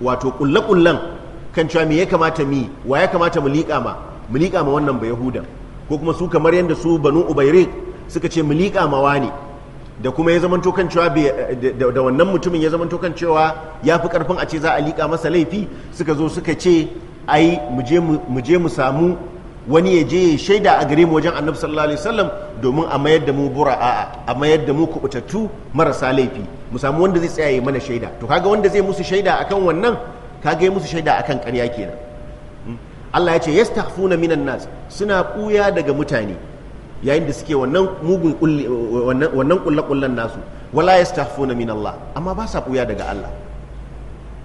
wato kullakullan kan cewa me ya kamata mi wa ya kamata mu liƙa ma mu liƙa ma wannan ba yahudan ko kuma su kamar yadda su banu ubairik suka ce mu liƙa ma wani da kuma ya zama kan cewa da wannan mutumin ya zama kan cewa ya fi karfin a ce za a liƙa masa laifi suka zo suka ce ai mu je mu samu wani ya je shaida a gare mu wajen annabi sallallahu alaihi wasallam domin a mayar da mu bura'a a mayar da mu kubutattu marasa laifi mu samu wanda zai tsaya mana shaida to kaga wanda zai musu shaida akan wannan kaga ya musu shaida akan ƙarya kenan hmm? Allah ya ce yastahfuna minan nas suna kuya daga mutane yayin da suke wannan mugun wannan kullakullan nasu wala yastahfuna min Allah amma ba sa buya daga Allah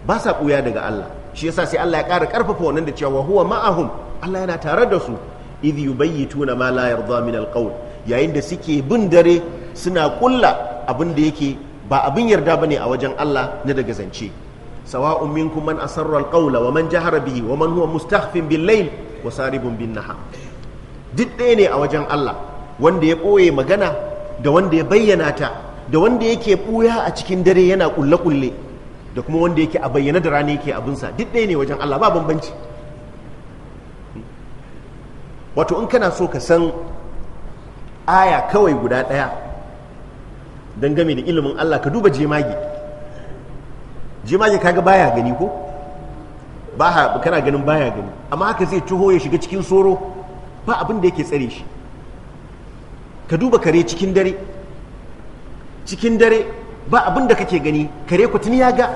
ba sa buya daga Allah shi yasa sai Allah ya ƙara ƙarfafa wannan da cewa huwa ma'ahum Allah yana tare da su idh yubayyituna ma la yarda min alqawl yayin da suke bin dare suna kulla abin da yake ba abin yarda ba ne a wajen Allah na daga zance sawa'un minkum man asarra alqawla wa man jahara bihi wa man huwa mustahfin bil wa saribun bin nahar duk ɗaya ne a wajen Allah wanda ya ɓoye magana da wanda ya bayyana ta da wanda yake ɓuya a cikin dare yana ƙulle-ƙulle da kuma wanda yake a bayyana da rana yake abinsa duk ɗaya ne wajen Allah ba bambanci wato in kana so ka san aya kawai guda ɗaya don game da ilimin Allah ka duba jemage jemage kaga baya gani ko ba kana ganin baya gani amma haka zai tuho ya shiga cikin soro ba abin da yake tsare shi ka duba kare cikin dare cikin dare ba abin da kake gani kare ku tuni ya ga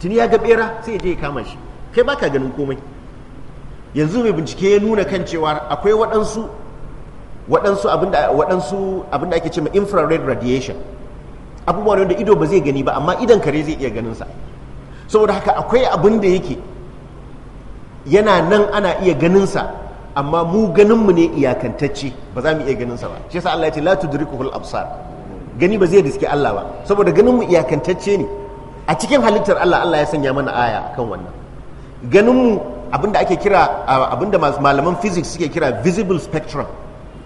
tuni ya ga bera sai ya je ya kama shi kai baka ganin komai yanzu mai bincike ya nuna kan cewa akwai waɗansu waɗansu abinda waɗansu abinda ake cewa infrared radiation abubuwa ne wanda ido ba zai gani ba amma idan kare zai iya ganin sa saboda haka akwai abin da yake yana nan ana iya ganin sa amma mu ganinmu ne iyakantacce ba za mu iya ganin sa ba shi yasa Allah ya ce la tudrikuhul absar gani ba zai riske Allah ba saboda ganin mu iyakantacce ne a cikin halittar Allah Allah ya sanya mana aya kan wannan ganin mu abinda ake kira abinda malaman physics suke kira visible spectrum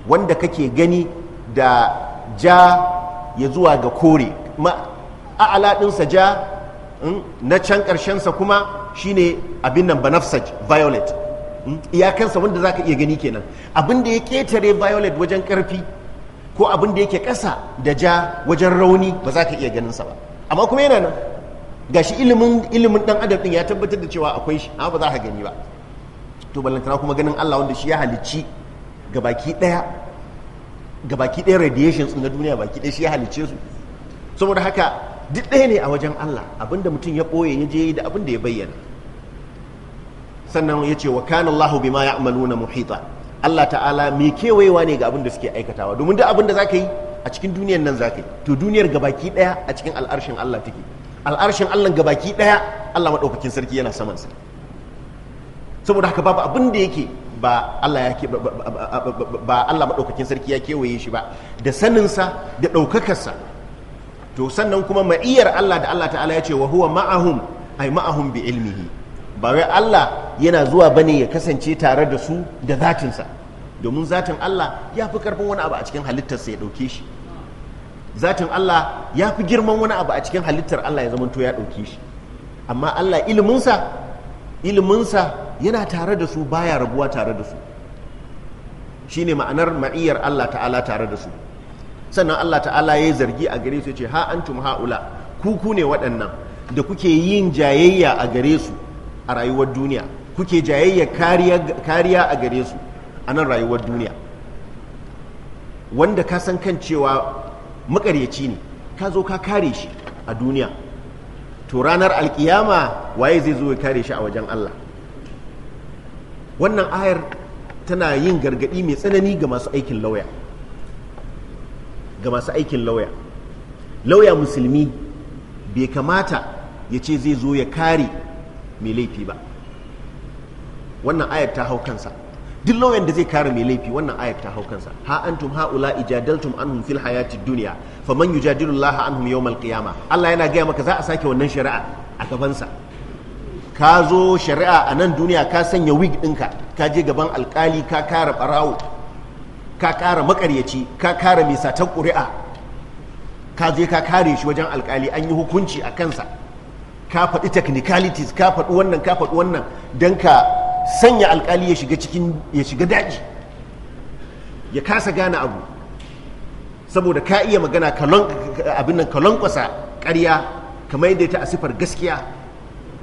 wanda kake gani da ja ya zuwa ga kore a'ala ɗinsa ja mm, na can karshen sa kuma shine abin nan banafsaj violet iyakansa wanda zaka iya gani kenan abin da ya ketare violet wajen karfi ko abin yake kasa da ja wajen rauni ba za ka iya ganin sa ba amma kuma yana nan ga shi ilimin dan adam din ya tabbatar da cewa akwai shi amma ba za ka gani ba to ballantana kuma ganin Allah wanda shi ya halicci ga daya ɗaya daya radiations na duniya baki daya shi ya halicce su saboda haka duk ɗaya ne a wajen Allah abinda mutum ya boye ya je da abinda ya bayyana sannan ya ce wa kana Allahu bima ya'maluna muhita Allah ta'ala me kewayewa ne ga abin da suke aikatawa domin duk abin da zaka yi a cikin duniyar nan zaka yi to duniyar gabaki daya a cikin al'arshin Allah take al'arshin Allah gabaki daya Allah madaukakin sarki yana saman sa saboda haka babu abin da yake ba Allah ya ba Allah madaukakin sarki ya kewaye shi ba da sanin sa da daukakar sa to sannan kuma ma'iyar Allah da Allah ta'ala ya ce wa huwa ma'ahum ay ma'ahum bi ilmihi ba wai Allah yana zuwa bane ya kasance tare da su da zatinsa domin zatin Allah ya fi karfin wani abu a cikin halittarsa ya ɗauke shi zatin Allah ya fi girman wani abu a cikin halittar Allah ya zamanto ya ɗauke shi amma Allah iliminsa iliminsa yana tare da su baya rabuwa tare da su shine ma'anar ma'iyar Allah ta'ala tare da su sannan Allah ta'ala ya yi zargi a gare su ya ce ha an tum ha'ula ku ku ne waɗannan da kuke yin jayayya a gare su a rayuwar duniya kuke jayayya kariya a gare su a nan rayuwar duniya wanda ka san kan cewa makaryaci ne ka zo ka kare shi a duniya to ranar alkiyama waye zai zo ya kare shi a wajen Allah wannan ayar tana yin gargadi mai tsanani ga masu aikin lauya ga masu aikin lauya lauya musulmi bai kamata ya ce zai zo ya kare mai laifi ba wannan ayat ta hau kansa duk lauyan da zai kare mai laifi wannan ayat ta hau kansa ha antum haula ijadaltum anhum fil hayati dunya faman yujadilu Allah anhum yawmal qiyamah Allah yana gaya maka za a sake wannan shari'a a gabansa ka zo shari'a a nan duniya ka sanya wig ɗinka ka je gaban alkali ka kara barawo ka kara makaryaci ka kara mai satan ƙuri'a ka je ka kare shi wajen alkali an yi hukunci a kansa ka faɗi technicalities ka faɗi wannan ka faɗi wannan don ka sanya alkali ya shiga cikin ya shiga daji ya kasa gane abu saboda ka iya magana abin nan kalon kwasa ƙarya kamar yadda ta asifar gaskiya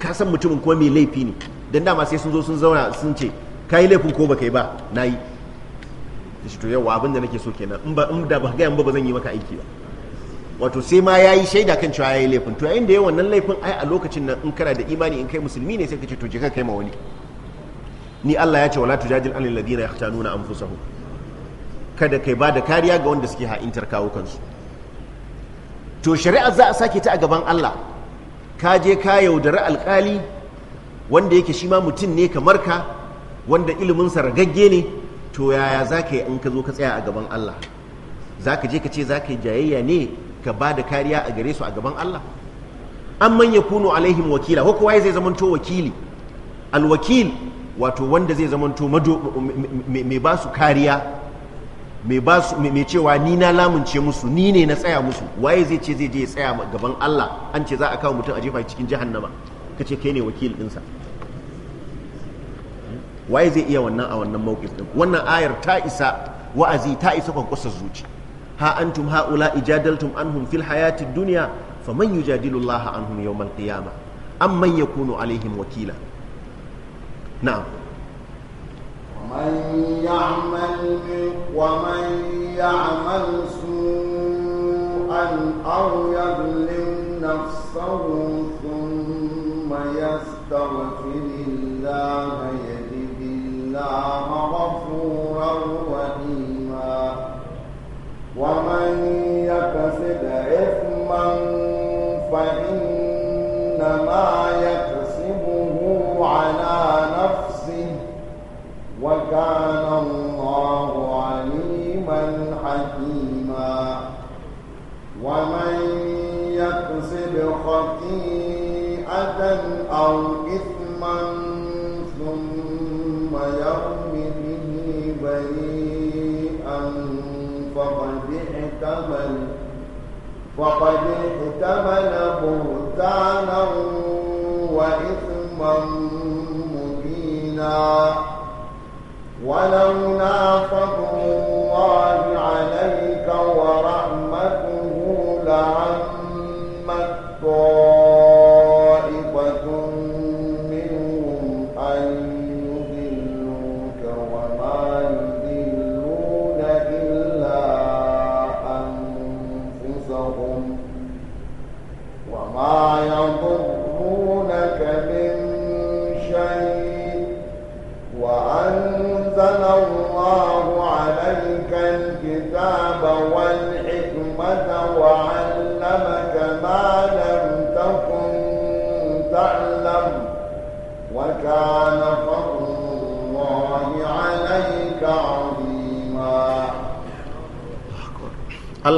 ka san mutumin kuma mai laifi ne don dama sai sun zo sun zauna sun ce ka yi laifin ko ba kai ba na yi ta shi to yawa abin da nake so kenan in ba in da ba gayan ba zan yi maka aiki ba wato sai ma ya yi shaida kan cewa ya yi laifin to yayin da yawan nan laifin ai a lokacin nan in kana da imani in kai musulmi ne sai ka ce to je ka kai ma wani ni Allah ya ce wala tujadil anil ladina yahtanuna anfusahum kada kai bada kariya ga wanda suke ha'intar kawo kansu to shari'a za a sake ta a gaban Allah ka je ka yaudari alkali wanda yake shi ma mutum ne kamar ka wanda iliminsa ragagge ne to yaya za ka yi in ka zo ka tsaya a gaban Allah za ka je ka ce za ka yi jayayya ne ka bada kariya a gare su a gaban Allah an manya Kunu alaihim wakila ko kowa zai zamanto wakili alwakil wato wanda zai zamanto mai ba su kariya mai cewa ni na lamunce musu ni ne na tsaya musu waye zai ce zai je ya tsaya gaban Allah an ce za a kawo mutum a jefa cikin jahannama ce kai ne wakil dinsa waye zai iya wannan a wannan mawqif din wannan ayar ta isa wa'azi ta isa kwankwasar zuci ha antum haula ijadaltum anhum fil hayati dunya faman yujadilu Allah anhum yawmal qiyamah amman yakunu alaihim wakila نعم ومن يعمل ومن يعمل سوءا أو يظلم نفسه ثم يستغفر الله يجد الله غفورا رحيما ومن يكسب إثما فإنما يكسبه على وكان الله عليما حكيما ومن يكسب خطيئة أو إثما ثم يرم به بريئا فقد احتمل فقد احتمل بهتانا وإثما مبينا ولولا فضل الله عليك ورحمته لعمت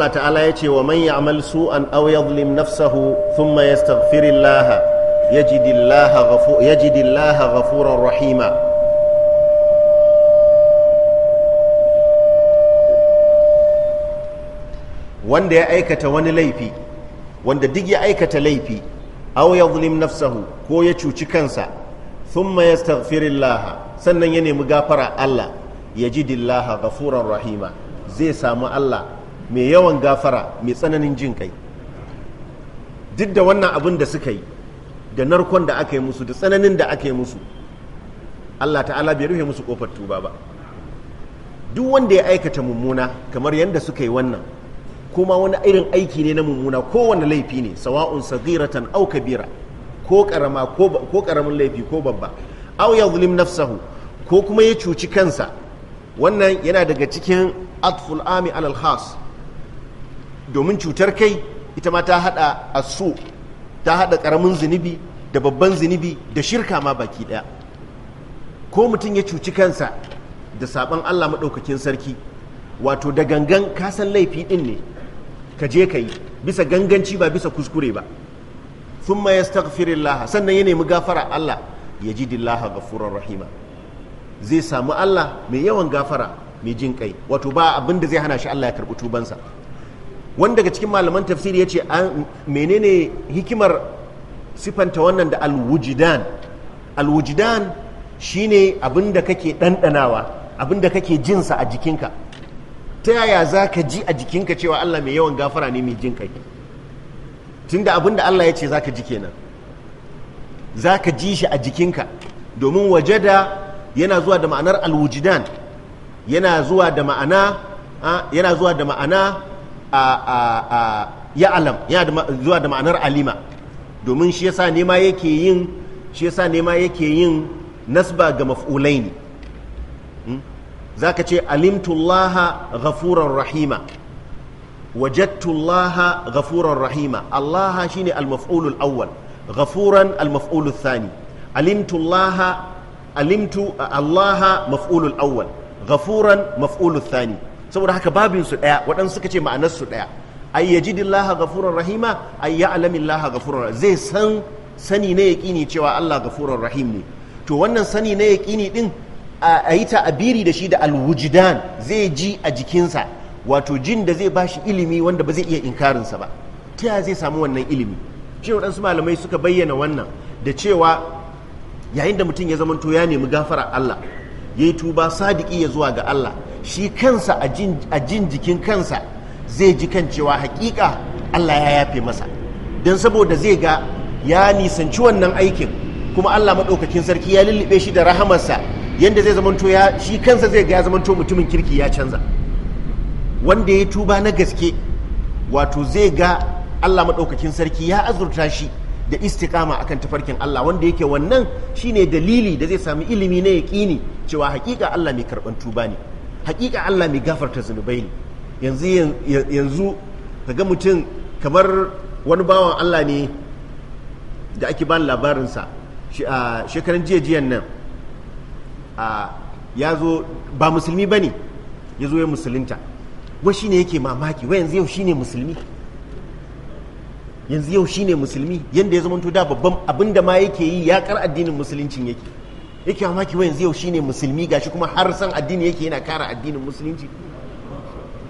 Allah ta'ala ya ce wa man ya'mal su'an aw yadhlim nafsahu thumma yastaghfirillaha yajidillaha yajidillaha rahima wanda ya aikata wani laifi wanda duk ya aikata laifi aw yadhlim nafsahu ko ya cuci kansa thumma yastaghfirillaha sannan ya nemi gafara Allah yajidillaha ghafurar rahima zai samu Allah mai yawan gafara mai tsananin jin kai duk da wannan abin da suka yi da narkon da aka yi musu da tsananin da aka yi musu Allah ta'ala bai rufe musu kofar tuba ba duk wanda ya aikata mummuna kamar yadda suka yi wannan kuma wani irin aiki ne na mummuna kowane laifi ne sawa'un sagiratan au kabira ko karama ko karamin laifi ko babba au ya zulim nafsahu ko kuma ya cuci kansa wannan yana daga cikin atful ami alal khas domin cutar kai ita ma ta hada asu ta haɗa karamin zunubi da babban zunubi da shirka ma baki ɗaya. ko mutum ya cuci kansa da sabon Allah maɗaukakin sarki wato da gangan kasan laifi ɗin ne ka je ka yi bisa ganganci ba bisa kuskure ba sun ma yastaghfirillah sannan ya nemi gafara Allah ya ji dillaha gafuran rahima zai samu Allah mai yawan gafara mai jin kai wato ba abinda zai hana shi Allah ya karɓi tubansa wanda daga cikin malaman tafsiri ya ce menene hikimar sifanta wannan da alwujidan alwujidan shine abin da kake ɗanɗanawa abin da kake jinsa a jikinka ta yaya za ka ji a jikinka cewa allah mai yawan gafara ne mai jin kai tunda abin da allah ya ce za ka ji kenan za ka ji shi a jikinka domin waje da yana zuwa da ma'anar alwujidan yana yana zuwa da ma'ana ya'alam yana zuwa da ma'anar alima domin shi yasa nema yake yin shi yasa nema yake yin nasba ga maf'ulai ne hmm? zaka ce alimtullaha ghafuran rahima wajadtullaha ghafuran rahima allaha shine al-maf'ulul awwal ghafuran al-maf'ulul thani alimtullaha alimtu allaha maf'ulul awwal ghafuran maf'ulul thani saboda haka babin su daya waɗansu suka ce ma'anar su daya ay yajidillaha ghafurur rahima ay ya'lamillaha ghafurur zai san sani na yaqini cewa Allah ghafurur rahim ne to wannan sani na yaqini din a yi Abiri da shi da alwujdan zai ji a jikinsa wato jin da zai bashi ilimi wanda ba zai iya inkarinsa ba ta yaya zai samu wannan ilimi shi waɗansu malamai suka bayyana wannan da cewa yayin da mutum ya zama to ya nemi gafara Allah ya tuba sadiki ya zuwa ga Allah shi kansa a jin jikin kansa zai ji kan cewa hakika Allah ya yafe masa don saboda zai ga ya nisanci wannan aikin kuma Allah maɗaukakin sarki ya lullube shi da rahamarsa yadda zai zamanto ya shi kansa zai ga ya zamanto mutumin kirki ya canza wanda ya tuba na gaske wato zai ga Allah maɗaukakin sarki ya azurta shi da istiqama akan tafarkin Allah wanda yake wannan shine dalili da zai sami ilimi na yaƙini cewa hakika Allah mai karɓar tuba ne hakika Allah mai gafarta zunubai ne yanzu yanzu ga mutum kamar wani bawan Allah ne da ake ban labarinsa shekaran jiya jiyan nan ya zo ba musulmi ba ne ya zo ya musulunta wa shi ne yake mamaki wa yanzu yau shi ne musulmi yanzu yau shi ne musulmi yadda ya zama da babban abin da ma yake yi ya kar addinin musuluncin yake yake maki wayan zai yau shine musulmi gashi kuma har san addini yake yana kara addinin musulunci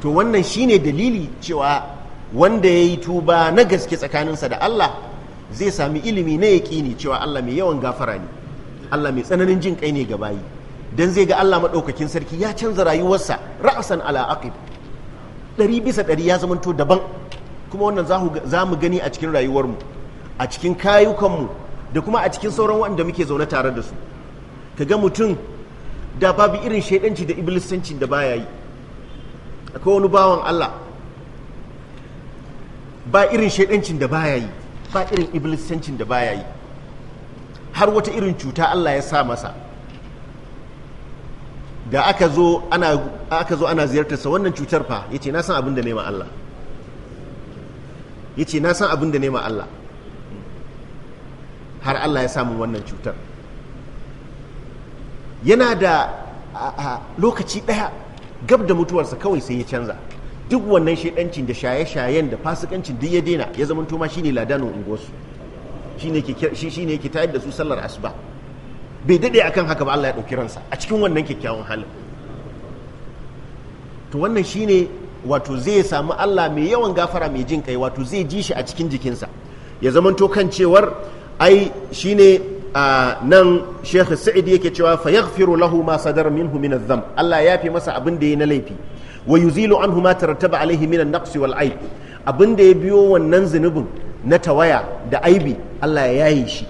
to wannan shine dalili cewa wanda ya yi tuba na gaske tsakaninsa da Allah zai sami ilimi na yaƙini cewa Allah mai yawan gafara ne Allah mai tsananin jin kai ne ga bayi dan zai ga Allah maɗaukakin sarki ya canza rayuwarsa ra'asan ala aqib ɗari bisa ɗari ya zamanto daban kuma wannan za mu gani a cikin rayuwarmu a cikin kayukanmu da kuma a cikin sauran waɗanda muke zaune tare da su ka ga mutum da babu irin shaidanci da iblisanci da baya yi akwai wani bawan Allah ba irin shaidancin da baya yi ba irin iblisancin da baya yi har wata irin cuta Allah ya sa masa da aka zo ana ziyartarsa wannan cutar fa yace na san abin da nema Allah yace na san abin da nema Allah har Allah ya samu wannan cutar yana da lokaci ɗaya gab da mutuwarsa kawai sai ya canza duk wannan shaidancin da shaye-shayen da fasikancin duk ya daina ya zama toma shine ladanin unguwarsu ne ke tayar da su sallar asuba bai daɗe akan haka ba Allah ya ɗauki ransa a cikin wannan kyakkyawan halin to wannan shine wato zai samu Allah mai yawan gafara mai jin kai wato zai ji shi a cikin jikinsa ya zamanto kan cewar ai shi ne. a nan Sheikh Sa'id yake cewa fa yaghfiru lahu ma sadar minhu min adh Allah ya fi masa abin da yayi na laifi wa yuzilu anhu ma tarattaba alaihi min an-naqs wal aib abin da ya biyo wannan zunubin na tawaya da aibi Allah ya yaye shi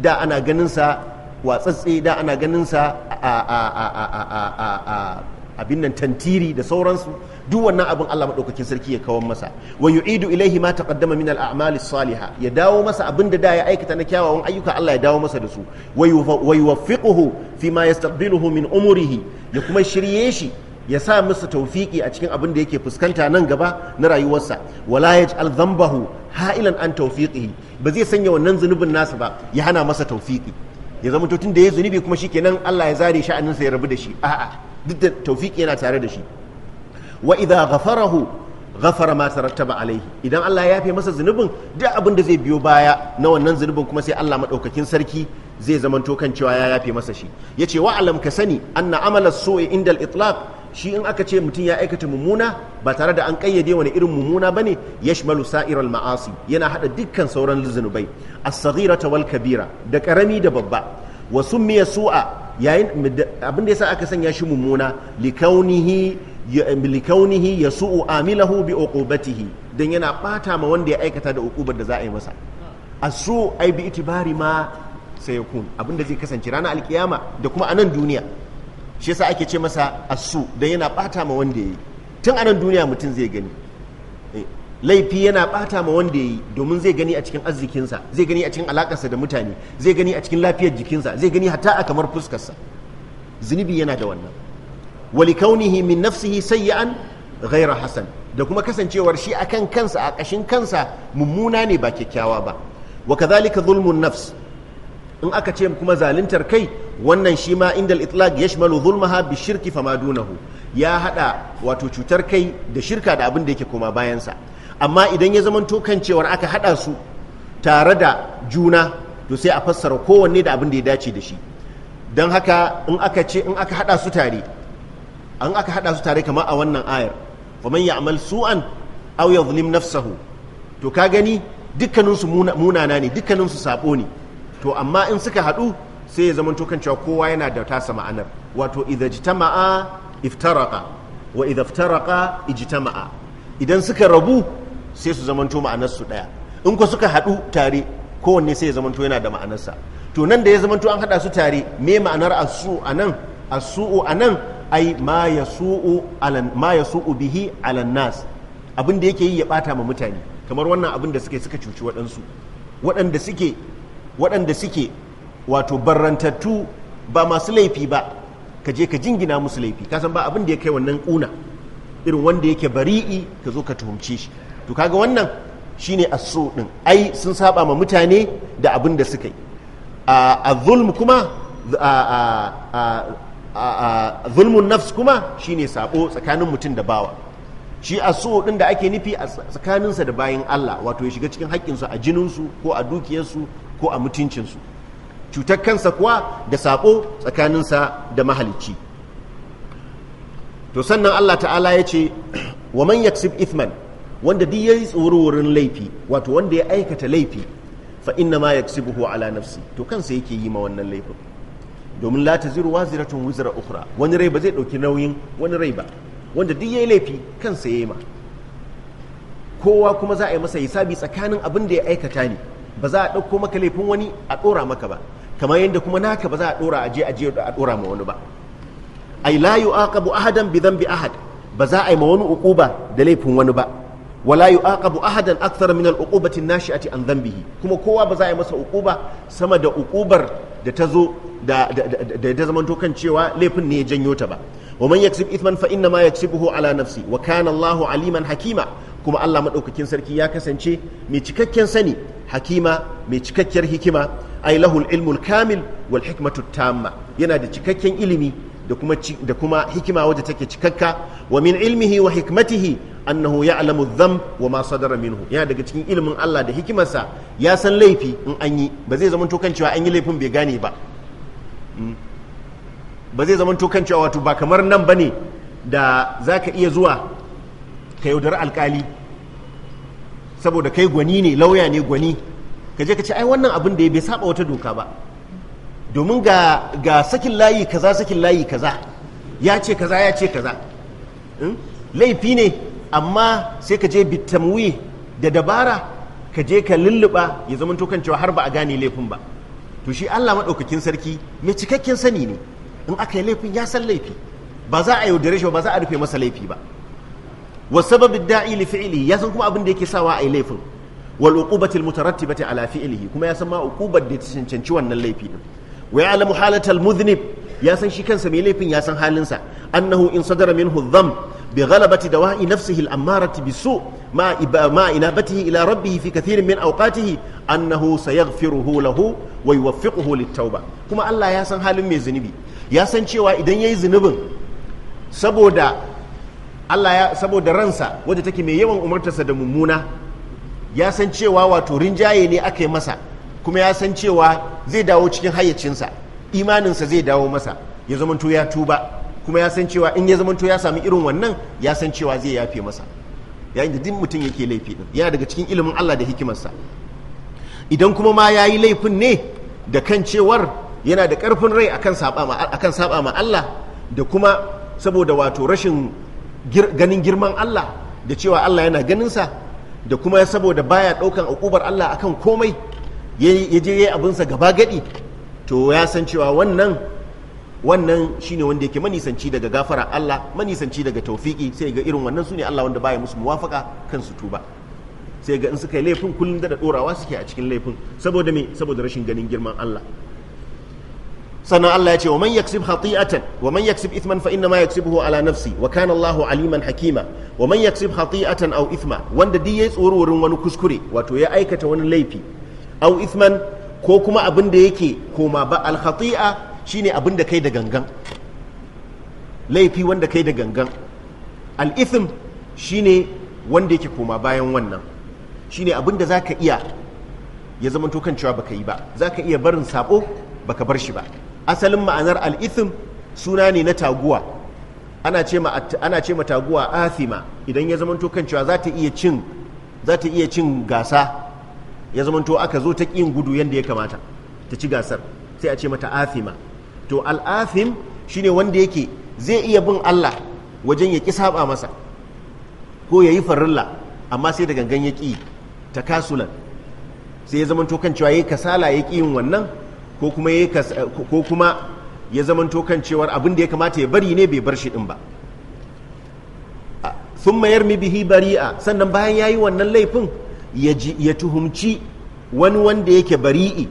da ana ganin sa watsatse da ana ganin sa a abin nan tantiri da sauransu duk wannan abin Allah maɗaukakin sarki ya kawo masa wa yu'idu ilaihi ma taqaddama min al saliha ya dawo masa abin da da ya aikata na kyawawan ayyuka Allah ya dawo masa da su wa yuwaffiquhu fi ma yastaqbiluhu min umurihi ya kuma shirye shi ya sa masa taufiƙi a cikin abin da yake fuskanta nan gaba na rayuwarsa wala yaj'al dhanbahu ha'ilan an tawfiqihi ba zai sanya wannan zunubin nasa ba ya hana masa taufiƙi ya zama tun da ya zunubi kuma shikenan Allah ya zare sha'aninsa ya rabu da shi a'a duk da tawfiqi yana tare da shi wa idza ghafarahu ghafara ma tarattaba alaihi idan Allah ya yafe masa zunubin duk abin da zai biyo baya na wannan zunubin kuma sai Allah madaukakin sarki zai zamanto kan cewa ya yafe masa shi yace wa alam ka sani anna amala su'i indal itlaq shi in aka ce mutum ya aikata mummuna ba tare da an kayyade wani irin mummuna bane yashmalu sa'iral ma'asi yana hada dukkan sauran zunubai as-saghirata wal kabira da karami da babba wa summiya su'a yayin abin da yasa aka sanya shi mummuna likaunihi likaunihi ya su'u amilahu bi uqubatihi don yana bata ma wanda ya aikata da okubar da za a yi masa su ai bi itibari ma sayakun abinda zai kasance rana alkiyama da kuma anan duniya shi yasa ake ce masa su dan yana bata ma wanda yi. tun anan duniya mutum zai gani eh, laifi yana bata ma wanda yi domin zai gani a cikin arzikinsa zai gani a cikin alakarsa da mutane zai gani a cikin lafiyar jikinsa zai gani hatta a kamar fuskarsa zunubi yana da wannan ولكونه من نفسه سيئا غير حسن da kuma kasancewar shi a kan kansa a ƙashin kansa mummuna ne ba kyakkyawa ba wa zalika zulmun nafs in aka ce kuma zaluntar kai wannan shi ma inda al-itlaq yashmalu zulmaha bi shirki fama ya hada wato cutar kai da shirka da abin da yake koma bayansa amma idan ya zamanto kan cewar aka hada su tare da juna to sai a fassara kowanne da abin da ya dace da shi don haka in aka ce in aka hada su tare an aka hada su tare kama a wannan ayar faman ya'mal su'an aw yadhlim nafsahu to ka gani dukkanin su munana ne dukkanin su sabo ne to amma in suka hadu sai ya zama kan cewa kowa yana da tasa ma'anar wato idza jitama'a iftaraqa wa idza iftaraqa ijtama'a idan suka rabu sai su to ma'anar su daya in ko suka hadu tare kowanne sai ya to yana da ma'anarsa to nan da ya zamanto an hada su tare me ma'anar asu anan asu'u anan ai ma ya alan bihi alan nas abin da yake yi ya bata ma mutane kamar wannan abin da suke suka cuci waɗansu waɗanda suke waɗanda suke wato barrantattu ba masu laifi ba ka je ka jingina musu laifi ka san ba abin da ya kai wannan ƙuna irin wanda yake bari'i ka zo ka tuhumce shi to kaga wannan shine asu din ai sun saba ma mutane da abin da suka a zulm kuma zulmun nafs kuma shine sabo tsakanin mutum da bawa shi a so din da ake nufi a tsakaninsa da bayan Allah wato ya shiga cikin haƙƙinsu a jininsu ko a dukiyarsu ko a mutuncinsu cutar kansa kuwa da sabo tsakaninsa da mahalicci to sannan Allah ta'ala ya ce wa man yaksib ithman wanda duk yayi tsoro laifi wato wanda ya aikata laifi fa inna ma yaksibuhu ala nafsi to kansa yake yi ma wannan laifin domin la taziru waziratun wizra ukura wani rai ba zai ɗauki nauyin wani rai ba wanda duk yayi laifi kansa yi ma kowa kuma za a yi masa hisabi tsakanin abin da ya aikata ne ba za a ɗauko maka laifin wani a ɗora maka ba kamar yadda kuma naka ba za a ɗora a je a ɗora ma wani ba ai la yu'aqabu ahadan bi dhanbi ahad ba za a yi ma wani uquba da laifin wani ba wala yu'aqabu ahadan akthara min al-uqubati an-nashi'ati an dhanbihi kuma kowa ba za a yi masa uquba sama da uqubar da ta zo da da zamanto tokan cewa laifin ne ya janyo ta ba wa man yaksib ithman fa inna ma yaksibuhu ala nafsi wa kana Allah aliman hakima kuma Allah madaukakin sarki ya kasance mai cikakken sani hakima mai cikakkiyar hikima ai lahul ilmul kamil wal hikmatut tamma yana da cikakken ilimi da kuma da kuma hikima wajen take cikakka wa min ilmihi wa hikmatihi annahu ya'lamu dhanb wa ma sadara minhu yana daga cikin ilimin Allah da hikimarsa ya san laifi in an yi ba zai zama to kan cewa an yi laifin bai gane ba ba zai zama tukan cewa wato ba kamar nan ba ne da za ka iya zuwa ka yaudar alkali saboda kai gwani ne lauya ne gwani ka je ka ce ai wannan abin da ya bai saba wata doka ba domin ga, ga sakin layi kaza sakin layi kaza ya ce kaza ya ce kaza hmm? laifi ne amma sai ka je bitamwi da dabara ka je ka lulluɓa ya zama tukan cewa har ba a gane laifin ba to shi Allah maɗaukakin sarki mai cikakken sani ne in aka yi laifin ya san laifi ba za a yaudare shi ba za a rufe masa laifi ba wa sababin da'i li fi'ili ya san kuma abin da yake sawa a yi laifin wal uqubati al mutarattibati ala fi'lihi kuma ya san ma uqubar da ta cancanci wannan laifi din wa ya'lamu halatal mudhnib ya san shi kansa mai laifin ya san halinsa annahu in sadara minhu dham bi ghalabati dawa'i nafsihi al ammarati bisu' مع مع إنابته إلى ربه في كثير من أوقاته أنه سيغفره له ويوفقه للتوبة كما الله يسن حال من زنبي يسن شوى إذن يزنب سبودا الله يا سبودا رنسا وده تكي مي يوان أمرتسا دمومونا يسن شوى واتو رنجاي ني أكي مسا كما يسن شوى زي داو چكين حي چنسا إيمان زي داو مسا يزمن تو يا توبة كما يسن شوى إن يزمن تو يا سامي إرون ونن يسن شوى زي يا في مسا yayin da duk mutum yake laifi din yana daga cikin ilimin Allah da hikimarsa idan kuma ma yayi laifin ne da kan cewar yana da karfin rai akan saba ma saba ma Allah da kuma saboda wato rashin ganin girman Allah da cewa Allah yana ganin sa da kuma saboda baya ɗaukan akubar Allah akan komai ya je yayi abinsa gaba gadi to ya san cewa wannan wannan shine wanda yake manisanci daga gafara Allah manisanci daga taufiki sai ga irin wannan sune Allah wanda baya musu muwafaka kan su tuba sai ga in suka yi laifin kullum da dorawa suke a cikin laifin saboda me saboda rashin ganin girman Allah sannan Allah ya ce wa man yaksib khati'atan wa man yaksib ithman fa inna ma yaksibuhu ala nafsi wa kana Allah aliman hakima wa man yaksib khati'atan aw ithma wanda duk yayi tsororin wani kuskure wato ya aikata wani laifi aw ithman ko kuma abin da yake koma ba al khati'a shine abin da kai da gangan laifi wanda kai da gangan al'ithim shine wanda yake koma bayan wannan shine abin da za ka iya ya zama kan cewa baka yi ba za ka iya barin sabo baka bar shi ba asalin ma'anar al'ithim suna ne na taguwa ana ce ma ana ce ma taguwa athima idan ya zama kan cewa za ta iya cin gasa ya zama aka zo ta ƙin gudu yadda ya kamata ta ci gasar sai a ce mata athima to al'afim shine wanda yake zai iya bin Allah wajen ya ki saba masa ko ya yi farilla amma sai da gangan ya ƙi takasulan sai ya zamanto kan cewa ya yi kasala ya ƙi yin wannan ko kuma ya ko kuma ya zamanto kan cewar abin da ya kamata ya bari ne bai bar shi din ba sun mayar mi bihi bari'a sannan bayan ya yi wannan laifin ya tuhumci wani wanda yake bari'i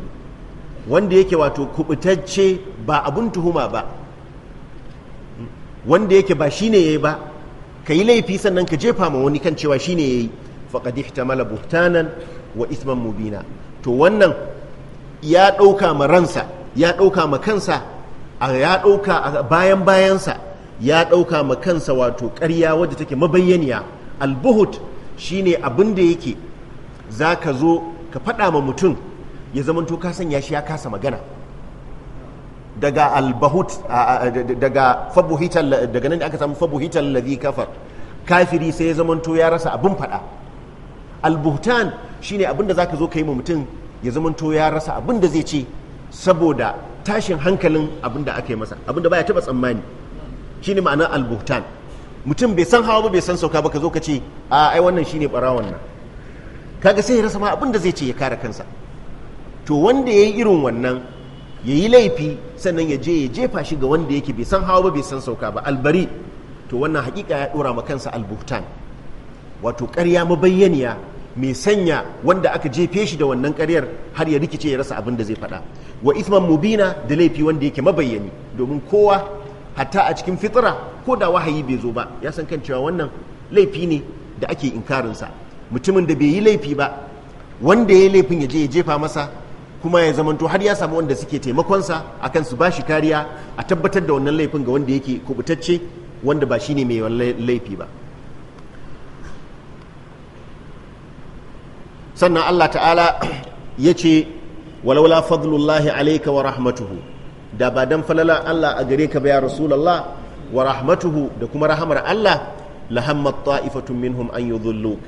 wanda yake wato kubutacce ba abun tuhuma ba wanda yake ba shine yayi ba ka yi laifi sannan ka jefa ma wani kan cewa shine yayi faqad ihtamala buhtanan wa isman mubina to wannan ya ɗauka ma ransa ya ɗauka ma kansa ya ɗauka bayan bayansa ya ɗauka ma kansa wato ƙarya wadda take mabayyaniya albuhut shine abin da yake za ka zo ka faɗa ma mutum ya zamanto ka sanya shi ya kasa magana daga albahut daga fabuhital daga nan da aka samu fabuhital ladhi kafar kafiri sai ya zamanto ya rasa abun faɗa albuhtan shine abin da zaka zo ka yi ma mutum ya zamanto ya rasa abin da zai ce saboda tashin hankalin abin da aka yi masa abin da baya taba tsammani shine ma'anar albuhtan mutum bai san hawa ba bai san sauka ba ka zo ka ce a ai wannan shine barawon nan kaga sai ya rasa ma abin da zai ce ya kare kansa to wanda ya yi irin wannan ya yi laifi sannan ya je ya jefa shi ga wanda yake bai san hawa ba bai san sauka ba albari to wannan hakika ya dora ma kansa albuhtan wato ƙarya mabayyaniya mai sanya wanda aka jefe shi da wannan karyar har ya rikice ya rasa abin da zai faɗa wa isman mubina da laifi wanda yake mabayyani domin kowa hatta a cikin fitira ko da wahayi bai zo ba ya san kan cewa wannan laifi ne da ake inkarinsa mutumin da bai yi laifi ba wanda ya yi laifin ya je ya jefa masa kuma ya zamanto har ya samu wanda suke taimakonsa a kan su bashi kariya a tabbatar da wannan laifin ga wanda yake kubutacce wanda ba shine mai laifi ba sannan Allah ta'ala (clears throat) ya ce walaula fadlullahi alaika wa rahmatuhu da ba dan falala Allah a gare ka ba ya rasulullah wa rahmatuhu da kuma rahamar Allah lahammat ta'ifatun minhum an yudhilluk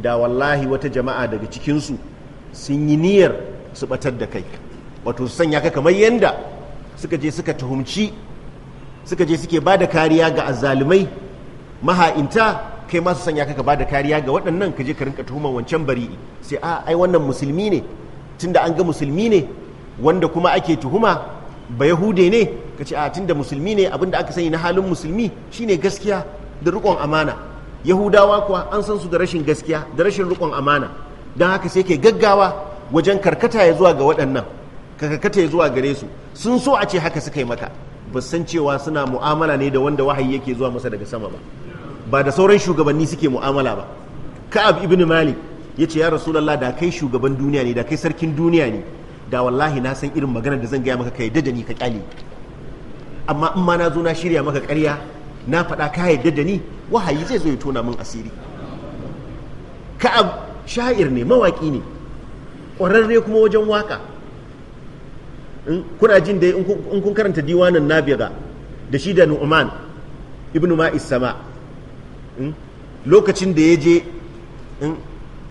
da wallahi wata jama'a daga cikinsu sun yi niyyar su batar da kai wato su sanya ka kamar yadda suka je suka tuhumci suka je suke ba da kariya ga azzalumai maha'inta kai ma sanya ka ka ba da kariya ga waɗannan ka je ka rinka tuhumar wancan bari'i sai a ah, ai wannan musulmi ne tunda an ga musulmi ne wanda kuma ake tuhuma ba yahude ne ka ce a ah, tunda musulmi ne abinda aka sani na halin musulmi shine gaskiya da riƙon amana yahudawa kuwa an san su da rashin gaskiya da rashin riƙon amana don haka sai ke gaggawa wajen karkata ya zuwa ga waɗannan karkata ya zuwa gare su sun so a ce haka suka yi maka ba san cewa suna mu'amala ne da wanda wahayi yake zuwa masa daga sama ba ba da sauran shugabanni suke mu'amala ba ka'ab ibn malik ya ce ya rasulallah da kai shugaban duniya ne da kai sarkin duniya ne da wallahi na san irin maganar da zan gaya maka ka yadda ni ka kyale amma in ma na zo na shirya maka karya na faɗa ka yadda da ni wahayi zai zo ya tona min asiri ka'ab sha'ir ne mawaƙi ne ƙwararre kuma wajen waka kuna jin da in kun karanta diwanin nabiga da shi da nu'man ibnu ma'is sama lokacin da ya je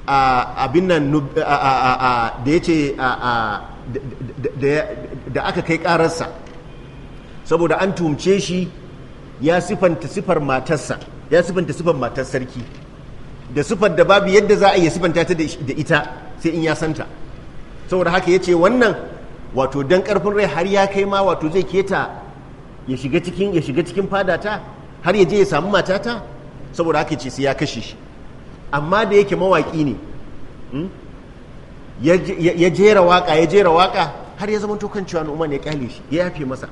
abin nan da ya ce da aka kai ƙararsa saboda an tumce shi ya sifanta sifar matarsa ya sifanta sifar matar sarki da sifar da babu yadda za a iya sifanta ta da ita sai in ya santa saboda haka ya ce wannan wato don karfin rai har ya kai ma wato zai keta ya shiga cikin ya shiga cikin fadata har ya je ya samu matata saboda haka ce sai ya kashe shi amma da yake mawaki ne hmm, ya jera waka ya jera waka har ya zama tokan cewa umarni ya kyale shi ya yafe masa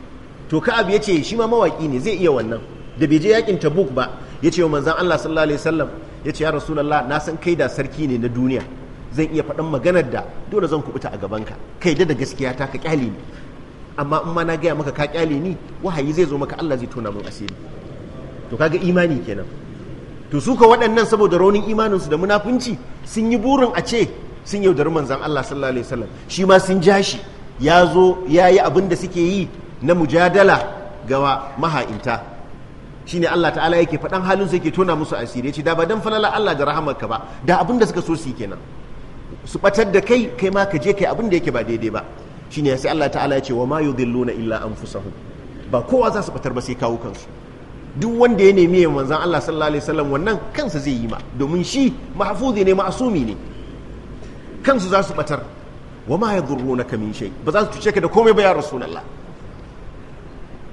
to abu ya ce shi ma mawaki ne zai iya wannan da bai je yakin Tabuk ba ya ce wa manzon Allah sallallahu alaihi wasallam ya ce ya Rasulullah na san kai da sarki ne na duniya zan iya faɗin maganar da dole zan kubuta a gabanka kai da gaskiya ta ka kyale ni amma in ma na gaya maka ka kyale ni wahayi zai zo maka Allah zai tona mun asiri to kaga imani kenan to su ka waɗannan saboda raunin imaninsu da munafunci sun yi burin a ce sun yaudari manzan Allah sallallahu alaihi wasallam shi ma sun ja shi ya zo ya yi abin da suke yi na mujadala ga maha'inta shine Allah ta'ala yake faɗan halin su yake tona musu asiri ya ce da ba dan falala Allah da rahamarka ba da abin da suka so su yi kenan su batar da kai kai ma ka je kai abin da yake ba daidai ba shine sai Allah ta'ala ya ce wa ma yudilluna illa anfusahum ba kowa za su batar ba sai kawo kansu duk wanda ya nemi yin manzon Allah sallallahu alaihi wasallam wannan kansa zai yi ma domin shi mahfuzi ne ma'asumi ne kansu za su batar wa ma yadurrunaka min shay ba za su cuce ka da komai ba ya rasulullah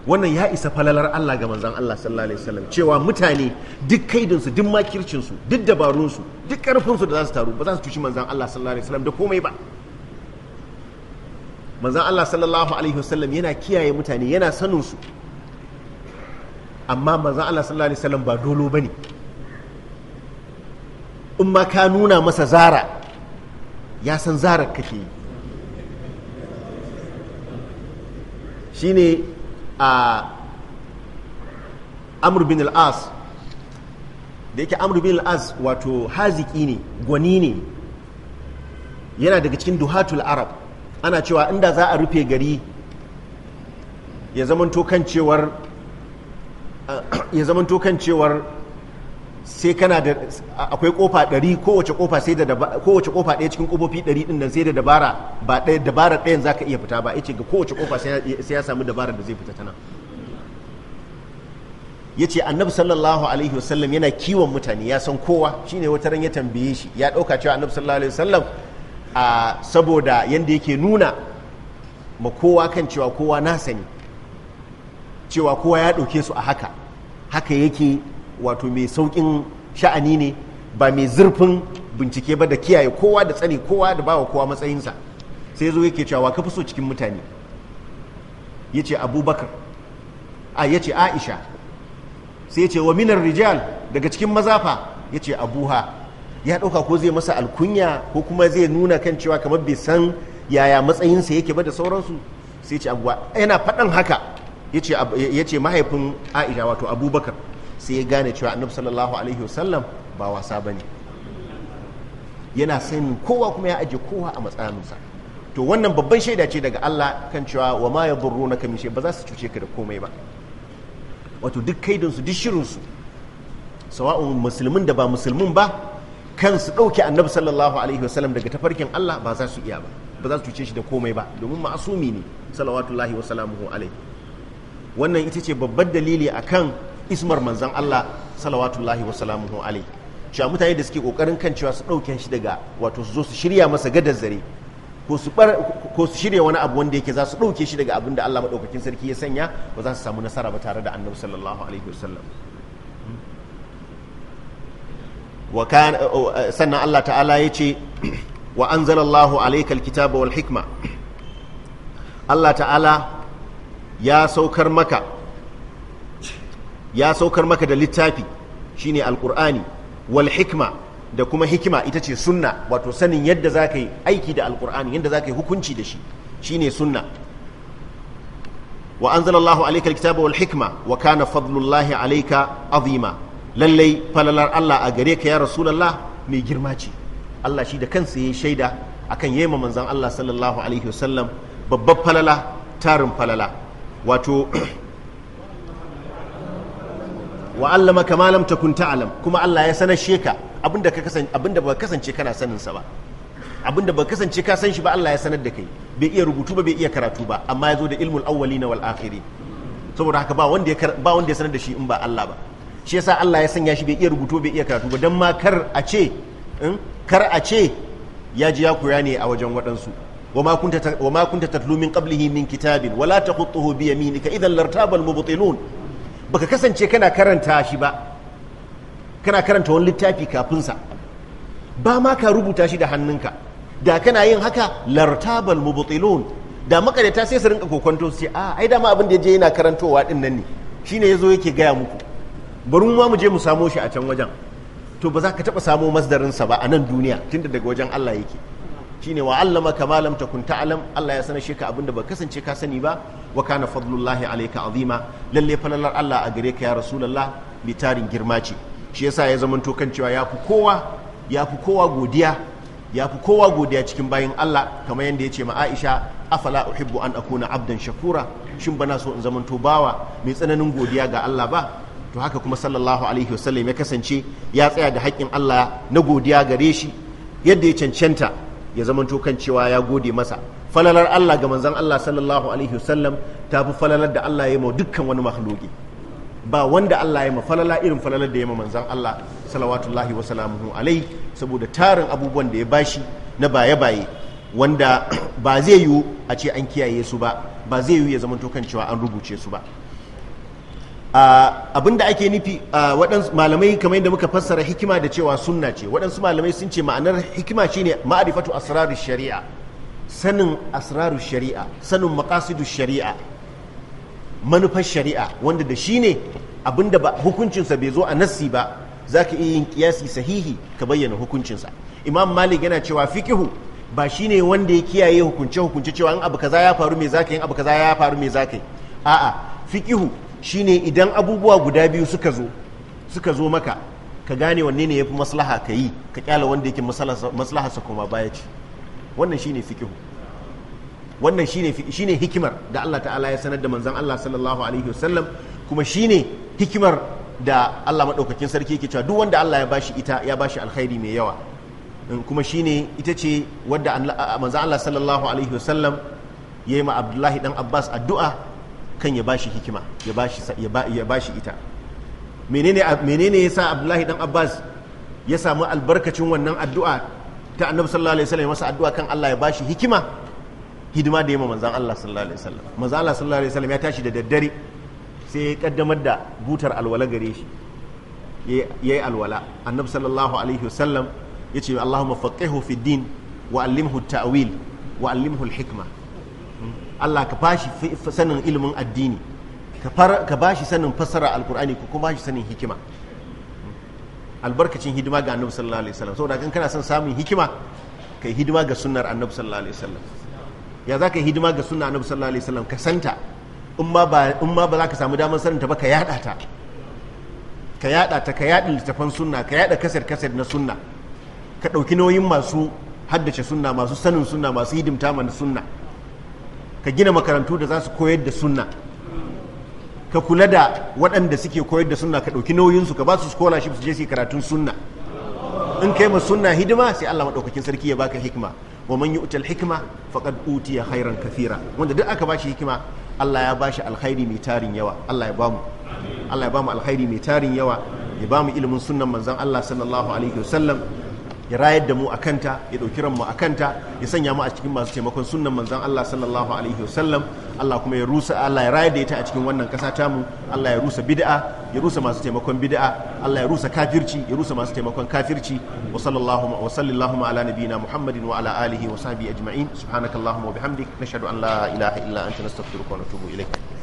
wannan ya isa falalar Allah ga manzon Allah sallallahu alaihi wasallam cewa mutane duk kaidinsu duk makircinsu duk dabarunsu duk karfinsu da za su taru ba za su tushi manzon Allah sallallahu alaihi wasallam da komai ba manzon Allah sallallahu alaihi wasallam yana kiyaye mutane yana sanin su amma manzon Allah sallallahu alaihi wasallam ba dolo bane in ma ka nuna masa zara ya san zarar kake yi shine a amr bin da yake amr bin al wato haziki ne gwani ne yana daga cikin duhatul arab ana cewa inda za a rufe gari ya zamanto kan cewar sai kana da akwai kofa ɗari kowace kofa sai da kowace kofa ɗaya cikin kofofi ɗari ɗin nan sai da dabara ba ɗaya dabara ɗayan za ka iya fita ba yace ga kowace kofa sai ya samu dabara da zai fita tana ce annabi sallallahu alaihi wasallam yana kiwon mutane ya san kowa shine wata ran ya tambaye shi ya ɗauka cewa annabi sallallahu alaihi wasallam a saboda yanda yake nuna ma kowa kan cewa kowa na sani cewa kowa ya ɗauke su a haka haka yake wato mai saukin sha'ani ne ba mai zurfin bincike ba da kiyaye kowa da tsani kowa da bawa kowa matsayinsa sai zo yake cewa ka fi so cikin mutane ya ce abubakar a ya ce aisha sai ya ce wa minar rijal daga cikin mazafa ya ce abuha ya ɗauka ko zai masa alkunya ko kuma zai nuna kan cewa kamar bai san yaya matsayinsa yake ba da sauransu sai ce abuwa yana faɗan haka ya ce mahaifin aisha wato abubakar sai ya gane cewa annabi sallallahu alaihi wasallam ba wasa bane yana sanin kowa kuma ya aje kowa a matsayinsa to wannan babban shaida ce daga Allah kan cewa wa ma yadurrunaka min shay ba za su cuce ka da komai ba wato duk kaidin su duk shirin su sawa'un musulmin da ba musulmin ba kansu ɗauke annabi sallallahu alaihi wasallam daga tafarkin Allah ba za su iya ba ba za su cuce shi da komai ba domin ma'asumi ne salawatullahi wa salamuhu alaihi wannan ita ce babban dalili akan ismar manzan Allah salawatullahi wa salamuhu alaihi cewa mutane da suke kokarin kan cewa su dauke shi daga wato su zo su shirya masa gadar zare ko su shirya wani abu wanda yake za su dauke shi daga abin da Allah maɗaukakin sarki ya sanya ba za su samu nasara ba tare da annabi sallallahu alaihi wasallam sannan Allah ta'ala ya ce wa anzalallahu alayka alkitaba wal hikma Allah ta'ala ya saukar maka ya saukar maka da littafi shine alkur'ani wal hikma da kuma hikima ita ce sunna wato sanin yadda za ka yi aiki da alkur'ani yadda za ka yi hukunci da shi shine sunna wa anzalallahu alayka alkitaba wal hikma wa kana fadlullahi alayka azima lallai falalar Allah a gare ka ya rasulullah mai girma ce Allah shi da kansa yayi shaida akan yema manzon Allah sallallahu alaihi wasallam babbar falala tarin falala wato wa allama kama lam takun ta'lam kuma Allah ya sanar sheka abinda ka kasance abinda ba kasance kana sanin sa ba abinda ba kasance ka san shi ba Allah ya sanar da kai bai iya rubutu ba bai iya karatu ba amma ya zo da ilmul awwalin wal akhirin saboda haka ba wanda ya ba wanda ya sanar da shi in ba Allah ba shi yasa Allah ya sanya shi bai iya rubutu bai iya karatu ba dan ma kar a ce hmm, kar a ce ya ji ya koya ne a wajen waɗansu وما كنت وما كنت تتلو من قبله من كتاب ولا تخطه بيمينك اذا لارتاب المبطلون baka kasance kana karanta shi ba kana karanta wani littafi kafinsa ba ma ka rubuta shi da hannunka da kana yin haka lartabal mubtilun da makareta sai su rinka kokonto sai a ah, ai dama abin da ya je yana karantowa din nan ne shine yazo yake gaya muku bari mu mu je mu samo shi a can wajen to ba za ka taba samo masdarin sa ba a nan duniya tunda daga wajen Allah yake shine wa allama kamalam ta takun ta'lam Allah ya sanar shi ka abin da ba kasance ka sani ba wa kana fadlullahi alayka azima lalle falalar Allah a gare ka ya rasulullah mai tarin girma ce shi yasa ya zama to kan cewa yafi kowa yafi kowa godiya yafi kowa godiya cikin bayan Allah kamar yadda ya ce ma Aisha afala uhibbu an akuna abdan shakura shin bana so in zama to bawa mai tsananin godiya ga Allah ba to haka kuma sallallahu alaihi wasallam ya kasance ya tsaya da haƙƙin Allah na godiya gare shi yadda ya cancanta ya zama to kan cewa ya gode masa falalar Allah ga manzon Allah sallallahu alaihi wasallam ta fi falalar da Allah ya ma dukkan wani makhluki ba wanda Allah ya ma falala irin falalar da ya ma manzon Allah salawatullahi wa salamuhu alai saboda tarin abubuwan da ya bashi na baye-baye wanda (clears throat) ba zai yiwu a ce an kiyaye su ba ba zai yiwu ya zama kan cewa an rubuce su ba abin da ake nufi waɗansu malamai kamar yadda muka fassara hikima da cewa sunna ce waɗansu malamai sun ce ma'anar hikima shine ma'arifatu asrarar shari'a sanin asraru shari'a sanin makasidun shari'a manufar shari'a wanda da shi ne abinda ba hukuncinsa bai zo a nassi ba za ka iya yin kiyasi sahihi ka bayyana hukuncinsa imam malik yana cewa fikihu ba shi ne wanda ya kiyaye hukunce hukunce cewa in abu kaza ya faru mai zaka yi abu kaza ya faru mai zaka a'a fikihu shine idan abubuwa guda biyu suka zo suka zo maka ka gane wanne ne fi maslaha ka yi ka kyala wanda yake maslaha sa kuma baya ce wannan shine fikihu wannan shine shine hikimar da Allah ta'ala ya sanar da manzon Allah sallallahu alaihi wasallam kuma shine hikimar da Allah madaukakin sarki yake cewa duk wanda Allah ya bashi ita ya bashi alkhairi mai yawa kuma shine ita ce wadda manzon Allah sallallahu alaihi wasallam yi ma Abdullahi dan Abbas addu'a kan ya bashi hikima ya bashi ya bashi ita menene menene yasa Abdullahi dan Abbas ya samu albarkacin wannan addu'a ta annabi sallallahu alaihi wasallam masa addu'a kan Allah ya bashi hikima hidima da ma manzan Allah sallallahu alaihi wasallam manzan Allah sallallahu alaihi wasallam ya tashi da daddare sai ya kaddamar da butar alwala gare shi ya yi alwala annabi sallallahu alaihi wasallam ce Allahumma faqihu fi din wa allimhu ta'wil wa allimhu al-hikma hmm? Allah ka bashi sanin ilimin addini ka bashi sanin fassara alkur'ani ko kuma bashi sanin hikima albarkacin hidima ga annabi sallallahu alaihi wasallam saboda kan kana son samun hikima kai hidima ga sunnar annabi sallallahu alaihi wasallam ya za ka hidima ga sunnar annabi sallallahu alaihi wasallam ka santa umma ba in ma ba za ka samu damar sanin ta ba ka yada ta ka yada ta ka yada littafan sunna ka yada kasar kasar na sunna ka dauki nauyin masu haddace sunna masu sanin sunna masu hidimta mana sunna ka gina makarantu da za su koyar da sunna ka kula da waɗanda suke koyar da sunna ka ɗauki nauyinsu ka ba su scholarship su je su karatun sunna in kai ma sunna hidima sai Allah maɗaukakin sarki ya baka hikma. wa man yu'tal hikma faqad utiya khairan kathira wanda duk aka bashi hikima Allah ya bashi alkhairi mai tarin yawa Allah ya bamu Allah ya bamu alkhairi mai tarin yawa ya bamu ilimin sunnan manzon Allah sallallahu alaihi wasallam ya rayar da mu a kanta ya ɗauki ranmu a kanta ya sanya mu a cikin masu taimakon sunan manzan Allah sallallahu alaihi wasallam Allah kuma ya rusa Allah ya rayar da ita a cikin wannan ƙasa tamu Allah ya rusa bid'a ya rusa masu taimakon bid'a Allah ya rusa kafirci ya rusa masu taimakon kafirci wa sallallahu wa sallallahu ala nabiyina Muhammadin wa ala alihi wa sahbihi ajma'in subhanakallahumma wa bihamdik nashhadu an la ilaha illa anta nastaghfiruka wa natubu ilayk